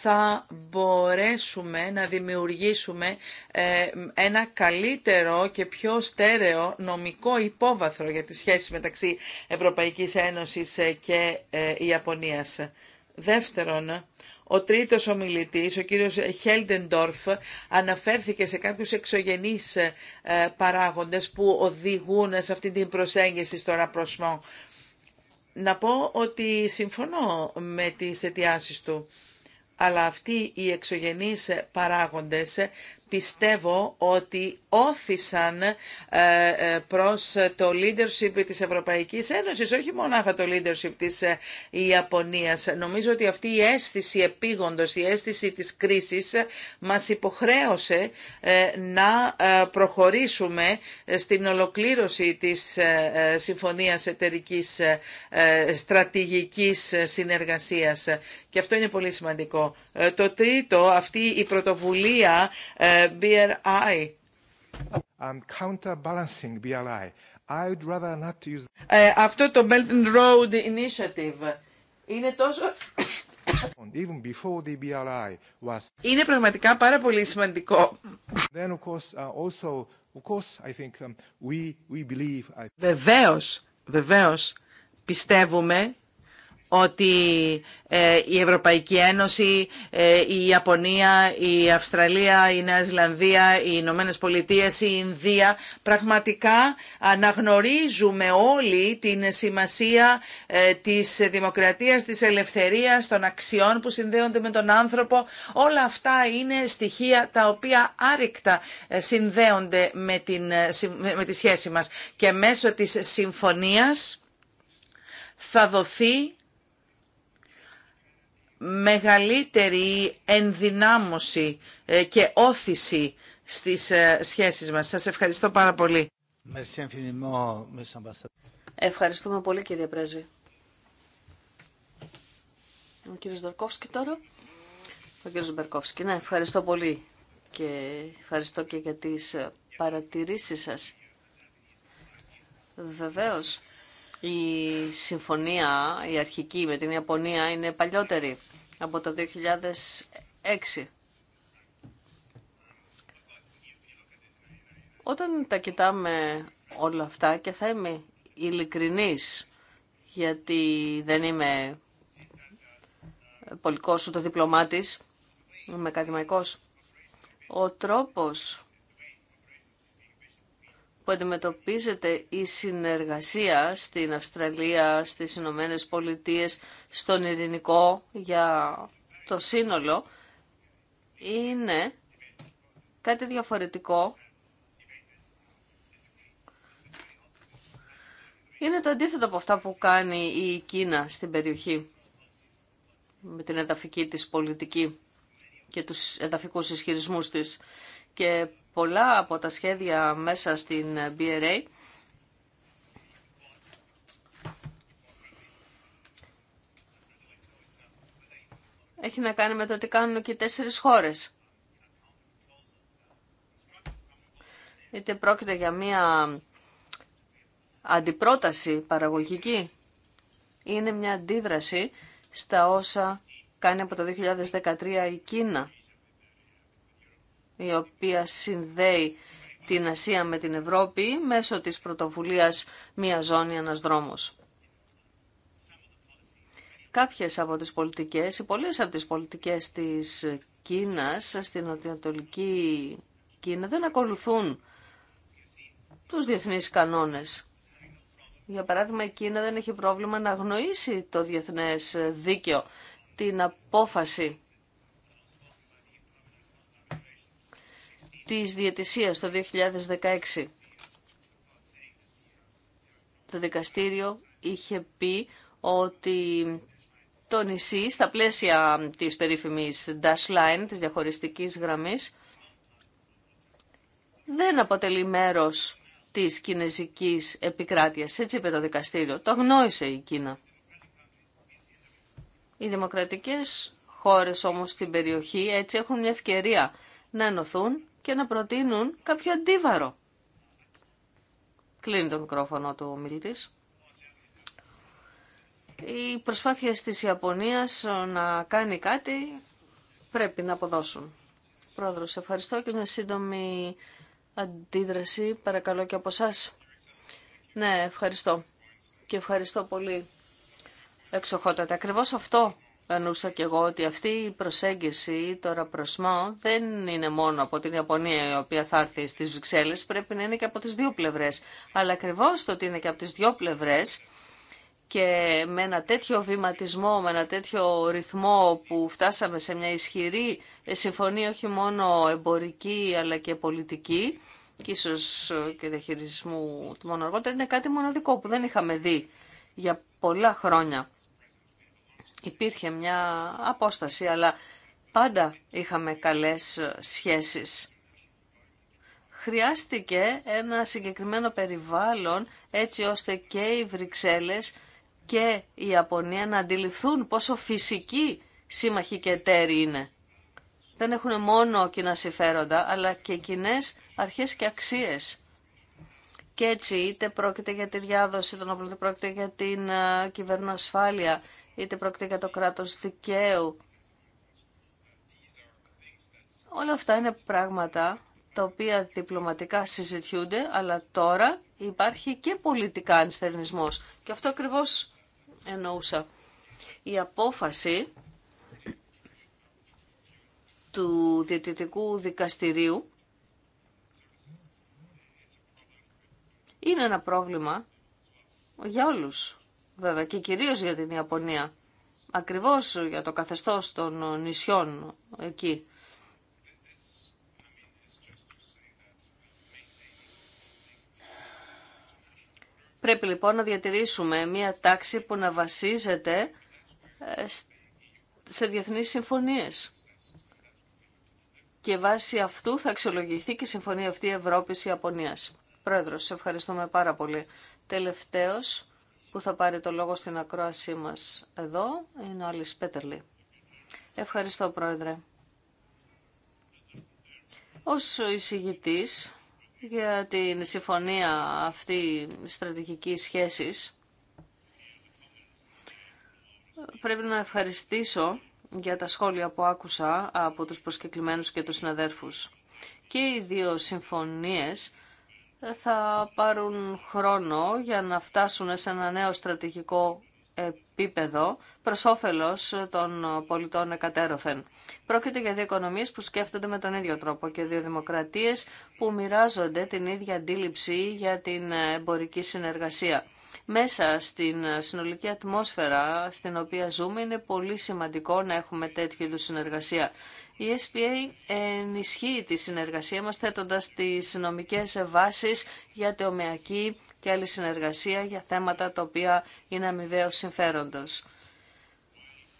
θα μπορέσουμε να δημιουργήσουμε ε, ένα καλύτερο και πιο στέρεο νομικό υπόβαθρο για τις σχέσεις μεταξύ Ευρωπαϊκής Ένωσης ε, και Ιαπωνίας. Δεύτερον, ο τρίτος ομιλητής, ο κύριος Χέλντεντορφ, αναφέρθηκε σε κάποιους εξωγενείς παράγοντες που οδηγούν σε αυτή την προσέγγιση στο ραπροσμό. Να πω ότι συμφωνώ με τις αιτιάσεις του, αλλά αυτοί οι εξωγενείς παράγοντες πιστεύω ότι όθησαν ε, ε, προς το leadership της Ευρωπαϊκής Ένωσης, όχι μονάχα το leadership της ε, Ιαπωνίας. Νομίζω ότι αυτή η αίσθηση επίγοντος, η αίσθηση της κρίσης μας υποχρέωσε να προχωρήσουμε στην ολοκλήρωση της Συμφωνίας Εταιρικής Στρατηγικής Συνεργασίας. Και αυτό είναι πολύ σημαντικό. Το τρίτο, αυτή η πρωτοβουλία BRI. I'm counterbalancing BRI. I'd rather not use... Ε, αυτό το Belt and Road Initiative είναι τόσο... Even before the BRI was... Είναι πραγματικά πάρα πολύ σημαντικό. Then of course, uh, also, of course, I think um, we, we believe... I... Βεβαίως, βεβαίως πιστεύουμε ότι ε, η Ευρωπαϊκή Ένωση, ε, η Ιαπωνία, η Αυστραλία, η Νέα Ισλανδία, οι Ηνωμένε Πολιτείε, η Ινδία. Πραγματικά αναγνωρίζουμε όλοι την σημασία ε, της δημοκρατίας, της ελευθερίας, των αξιών που συνδέονται με τον άνθρωπο. Όλα αυτά είναι στοιχεία τα οποία άρρηκτα συνδέονται με, την, με τη σχέση μας. Και μέσω της συμφωνίας θα δοθεί μεγαλύτερη ενδυνάμωση ε, και όθηση στις ε, σχέσεις μας. Σας ευχαριστώ πάρα πολύ. Ευχαριστούμε πολύ κύριε Πρέσβη. Ο κύριος Δαρκόφσκι τώρα. Ο κύριος Μπερκόφσκι. Ναι, ευχαριστώ πολύ και ευχαριστώ και για τις ε, παρατηρήσεις σας. Βεβαίως, η συμφωνία, η αρχική με την Ιαπωνία είναι παλιότερη από το 2006. Όταν τα κοιτάμε όλα αυτά και θα είμαι ειλικρινής, γιατί δεν είμαι πολικός ούτε διπλωμάτης, είμαι ακαδημαϊκός, ο τρόπος που αντιμετωπίζεται η συνεργασία στην Αυστραλία, στις Ηνωμένε Πολιτείες, στον Ειρηνικό για το σύνολο, είναι κάτι διαφορετικό. Είναι το αντίθετο από αυτά που κάνει η Κίνα στην περιοχή με την εδαφική της πολιτική και τους εδαφικούς ισχυρισμούς της. Και πολλά από τα σχέδια μέσα στην BRA έχει να κάνει με το τι κάνουν και οι τέσσερις χώρες. Είτε πρόκειται για μία αντιπρόταση παραγωγική, είναι μια αντίδραση στα όσα κάνει από το 2013 η Κίνα η οποία συνδέει την Ασία με την Ευρώπη μέσω της πρωτοβουλίας «Μία ζώνη, ένας δρόμος». Κάποιες από τις πολιτικές, οι πολλές από τις πολιτικές της Κίνας, στην νοτιοανατολική Κίνα, δεν ακολουθούν τους διεθνείς κανόνες. Για παράδειγμα, η Κίνα δεν έχει πρόβλημα να γνωρίσει το διεθνές δίκαιο, την απόφαση της διαιτησίας το 2016. Το δικαστήριο είχε πει ότι το νησί στα πλαίσια της περίφημης dash line, της διαχωριστικής γραμμής, δεν αποτελεί μέρος της κινέζικης επικράτειας. Έτσι είπε το δικαστήριο. Το γνώρισε η Κίνα. Οι δημοκρατικές χώρες όμως στην περιοχή έτσι έχουν μια ευκαιρία να ενωθούν και να προτείνουν κάποιο αντίβαρο. Κλείνει το μικρόφωνο του ομιλητής. Οι προσπάθειες της Ιαπωνίας να κάνει κάτι πρέπει να αποδώσουν. Πρόεδρος, ευχαριστώ και μια σύντομη αντίδραση, παρακαλώ και από εσά. Ναι, ευχαριστώ. Και ευχαριστώ πολύ. Εξοχότατε. Ακριβώς αυτό Ανούσα και εγώ ότι αυτή η προσέγγιση τώρα προσμό δεν είναι μόνο από την Ιαπωνία η οποία θα έρθει στις Βρυξέλλες, πρέπει να είναι και από τις δύο πλευρές. Αλλά ακριβώ το ότι είναι και από τις δύο πλευρές και με ένα τέτοιο βηματισμό, με ένα τέτοιο ρυθμό που φτάσαμε σε μια ισχυρή συμφωνία όχι μόνο εμπορική αλλά και πολιτική και ίσως και διαχειρισμού του μόνο αργότερα είναι κάτι μοναδικό που δεν είχαμε δει για πολλά χρόνια υπήρχε μια απόσταση, αλλά πάντα είχαμε καλές σχέσεις. Χρειάστηκε ένα συγκεκριμένο περιβάλλον έτσι ώστε και οι Βρυξέλλες και η Ιαπωνία να αντιληφθούν πόσο φυσική σύμμαχοι και εταίροι είναι. Δεν έχουν μόνο κοινά συμφέροντα, αλλά και κοινέ αρχές και αξίες. Και έτσι είτε πρόκειται για τη διάδοση των όπλων, είτε πρόκειται για την ε, κυβερνοασφάλεια, είτε πρόκειται για το κράτος δικαίου. Όλα αυτά είναι πράγματα τα οποία διπλωματικά συζητιούνται, αλλά τώρα υπάρχει και πολιτικά ανστερνισμός. Και αυτό ακριβώς εννοούσα. Η απόφαση του Διαιτητικού Δικαστηρίου είναι ένα πρόβλημα για όλους βέβαια και κυρίως για την Ιαπωνία, ακριβώς για το καθεστώς των νησιών εκεί. Πρέπει λοιπόν να διατηρήσουμε μία τάξη που να βασίζεται ε, σε διεθνείς συμφωνίες. Και βάσει αυτού θα αξιολογηθεί και η συμφωνία αυτή Ευρώπης-Ιαπωνίας. Πρόεδρος, σε ευχαριστούμε πάρα πολύ. Τελευταίος, που θα πάρει το λόγο στην ακρόασή μας εδώ είναι ο Άλης Πέτερλη. Ευχαριστώ Πρόεδρε. Ως εισηγητής για την συμφωνία αυτή στρατηγικής σχέσης πρέπει να ευχαριστήσω για τα σχόλια που άκουσα από τους προσκεκλημένους και τους συναδέρφους. Και οι δύο συμφωνίες θα πάρουν χρόνο για να φτάσουν σε ένα νέο στρατηγικό επίπεδο προς όφελος των πολιτών εκατέρωθεν. Πρόκειται για δύο οικονομίες που σκέφτονται με τον ίδιο τρόπο και δύο δημοκρατίες που μοιράζονται την ίδια αντίληψη για την εμπορική συνεργασία. Μέσα στην συνολική ατμόσφαιρα στην οποία ζούμε είναι πολύ σημαντικό να έχουμε τέτοιου είδους συνεργασία η SPA ενισχύει τη συνεργασία μας θέτοντας τις νομικές βάσεις για ομιακή και άλλη συνεργασία για θέματα τα οποία είναι αμοιβαίως συμφέροντος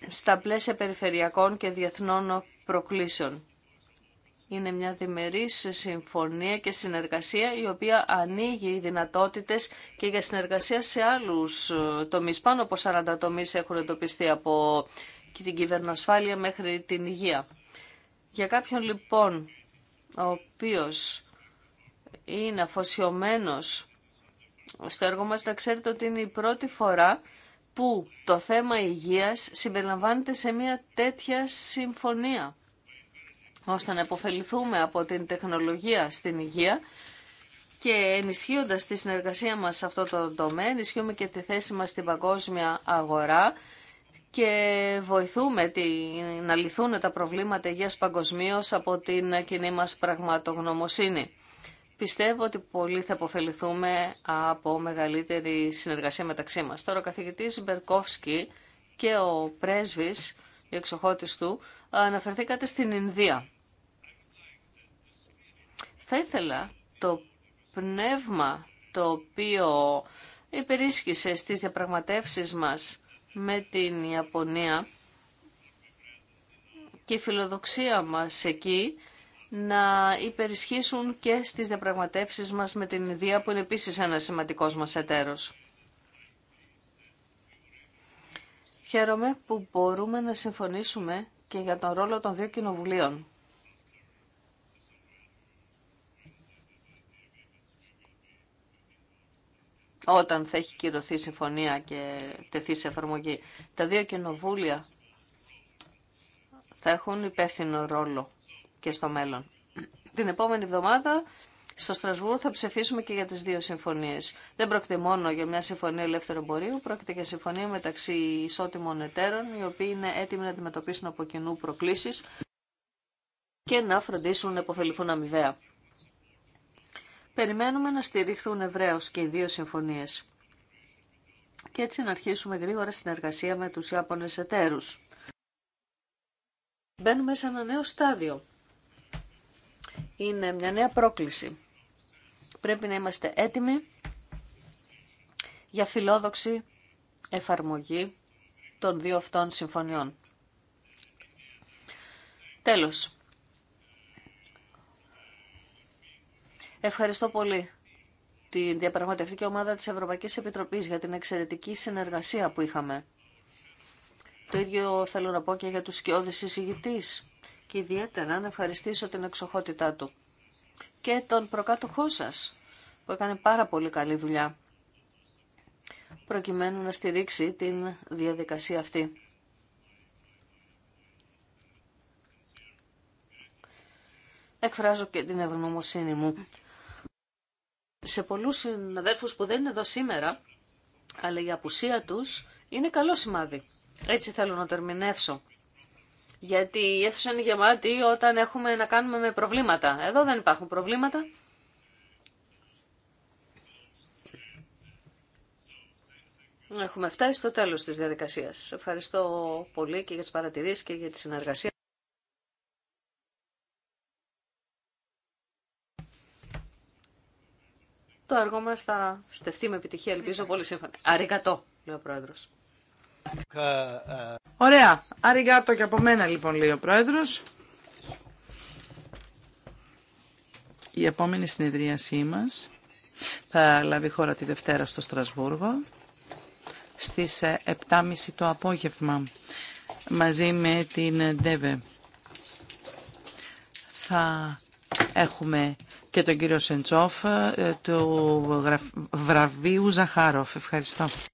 στα πλαίσια περιφερειακών και διεθνών προκλήσεων. Είναι μια διμερής συμφωνία και συνεργασία η οποία ανοίγει δυνατότητες και για συνεργασία σε άλλους ε, τομείς. Πάνω από 40 τομείς έχουν εντοπιστεί από την κυβερνοσφάλεια μέχρι την υγεία. Για κάποιον λοιπόν, ο οποίος είναι αφοσιωμένος στο έργο μας, θα ξέρετε ότι είναι η πρώτη φορά που το θέμα υγείας συμπεριλαμβάνεται σε μια τέτοια συμφωνία, ώστε να υποφεληθούμε από την τεχνολογία στην υγεία και ενισχύοντας τη συνεργασία μας σε αυτό το τομέα, ενισχύουμε και τη θέση μας στην παγκόσμια αγορά, και βοηθούμε τη, να λυθούν τα προβλήματα υγείας παγκοσμίω από την κοινή μας πραγματογνωμοσύνη. Πιστεύω ότι πολύ θα αποφεληθούμε από μεγαλύτερη συνεργασία μεταξύ μας. Τώρα ο καθηγητής Μπερκόφσκι και ο πρέσβης, η εξοχότης του, αναφερθήκατε στην Ινδία. Θα ήθελα το πνεύμα το οποίο υπερίσχυσε στις διαπραγματεύσεις μας με την Ιαπωνία και η φιλοδοξία μας εκεί να υπερισχύσουν και στις διαπραγματεύσεις μας με την Ινδία που είναι επίσης ένα σημαντικός μας εταίρος. Χαίρομαι που μπορούμε να συμφωνήσουμε και για τον ρόλο των δύο κοινοβουλίων. όταν θα έχει κυρωθεί συμφωνία και τεθεί σε εφαρμογή. Τα δύο κοινοβούλια θα έχουν υπεύθυνο ρόλο και στο μέλλον. Την επόμενη εβδομάδα στο Στρασβούργο θα ψηφίσουμε και για τις δύο συμφωνίες. Δεν πρόκειται μόνο για μια συμφωνία ελεύθερου εμπορίου, πρόκειται για συμφωνία μεταξύ ισότιμων εταίρων, οι οποίοι είναι έτοιμοι να αντιμετωπίσουν από κοινού προκλήσεις και να φροντίσουν να υποφεληθούν αμοιβαία περιμένουμε να στηριχθούν ευρέω και οι δύο συμφωνίες. Και έτσι να αρχίσουμε γρήγορα συνεργασία με τους Ιάπωνες εταίρου. Μπαίνουμε σε ένα νέο στάδιο. Είναι μια νέα πρόκληση. Πρέπει να είμαστε έτοιμοι για φιλόδοξη εφαρμογή των δύο αυτών συμφωνιών. Τέλος, Ευχαριστώ πολύ την διαπραγματευτική ομάδα της Ευρωπαϊκής Επιτροπής για την εξαιρετική συνεργασία που είχαμε. Το ίδιο θέλω να πω και για τους σκιώδες συζητητής και ιδιαίτερα να ευχαριστήσω την εξοχότητά του και τον προκάτοχό σας που έκανε πάρα πολύ καλή δουλειά προκειμένου να στηρίξει την διαδικασία αυτή. Εκφράζω και την ευγνωμοσύνη μου σε πολλούς συναδέρφους που δεν είναι εδώ σήμερα, αλλά η απουσία τους είναι καλό σημάδι. Έτσι θέλω να το ερμηνεύσω. Γιατί η αίθουσα είναι γεμάτη όταν έχουμε να κάνουμε με προβλήματα. Εδώ δεν υπάρχουν προβλήματα. Έχουμε φτάσει στο τέλος της διαδικασίας. Ευχαριστώ πολύ και για τις παρατηρήσεις και για τη συνεργασία. το έργο μας θα στεφθεί με επιτυχία, ελπίζω πολύ σύμφωνα. Αρικατό, λέει ο Πρόεδρος. Ωραία. Αρικάτο και από μένα λοιπόν, λέει ο Πρόεδρος. Η επόμενη συνεδρίασή μας θα λάβει χώρα τη Δευτέρα στο Στρασβούργο στις 7.30 ε, το απόγευμα μαζί με την ΔΕΒΕ. Θα έχουμε και τον κύριο Σεντσόφ ε, του βραβείου Ζαχάροφ. Ευχαριστώ.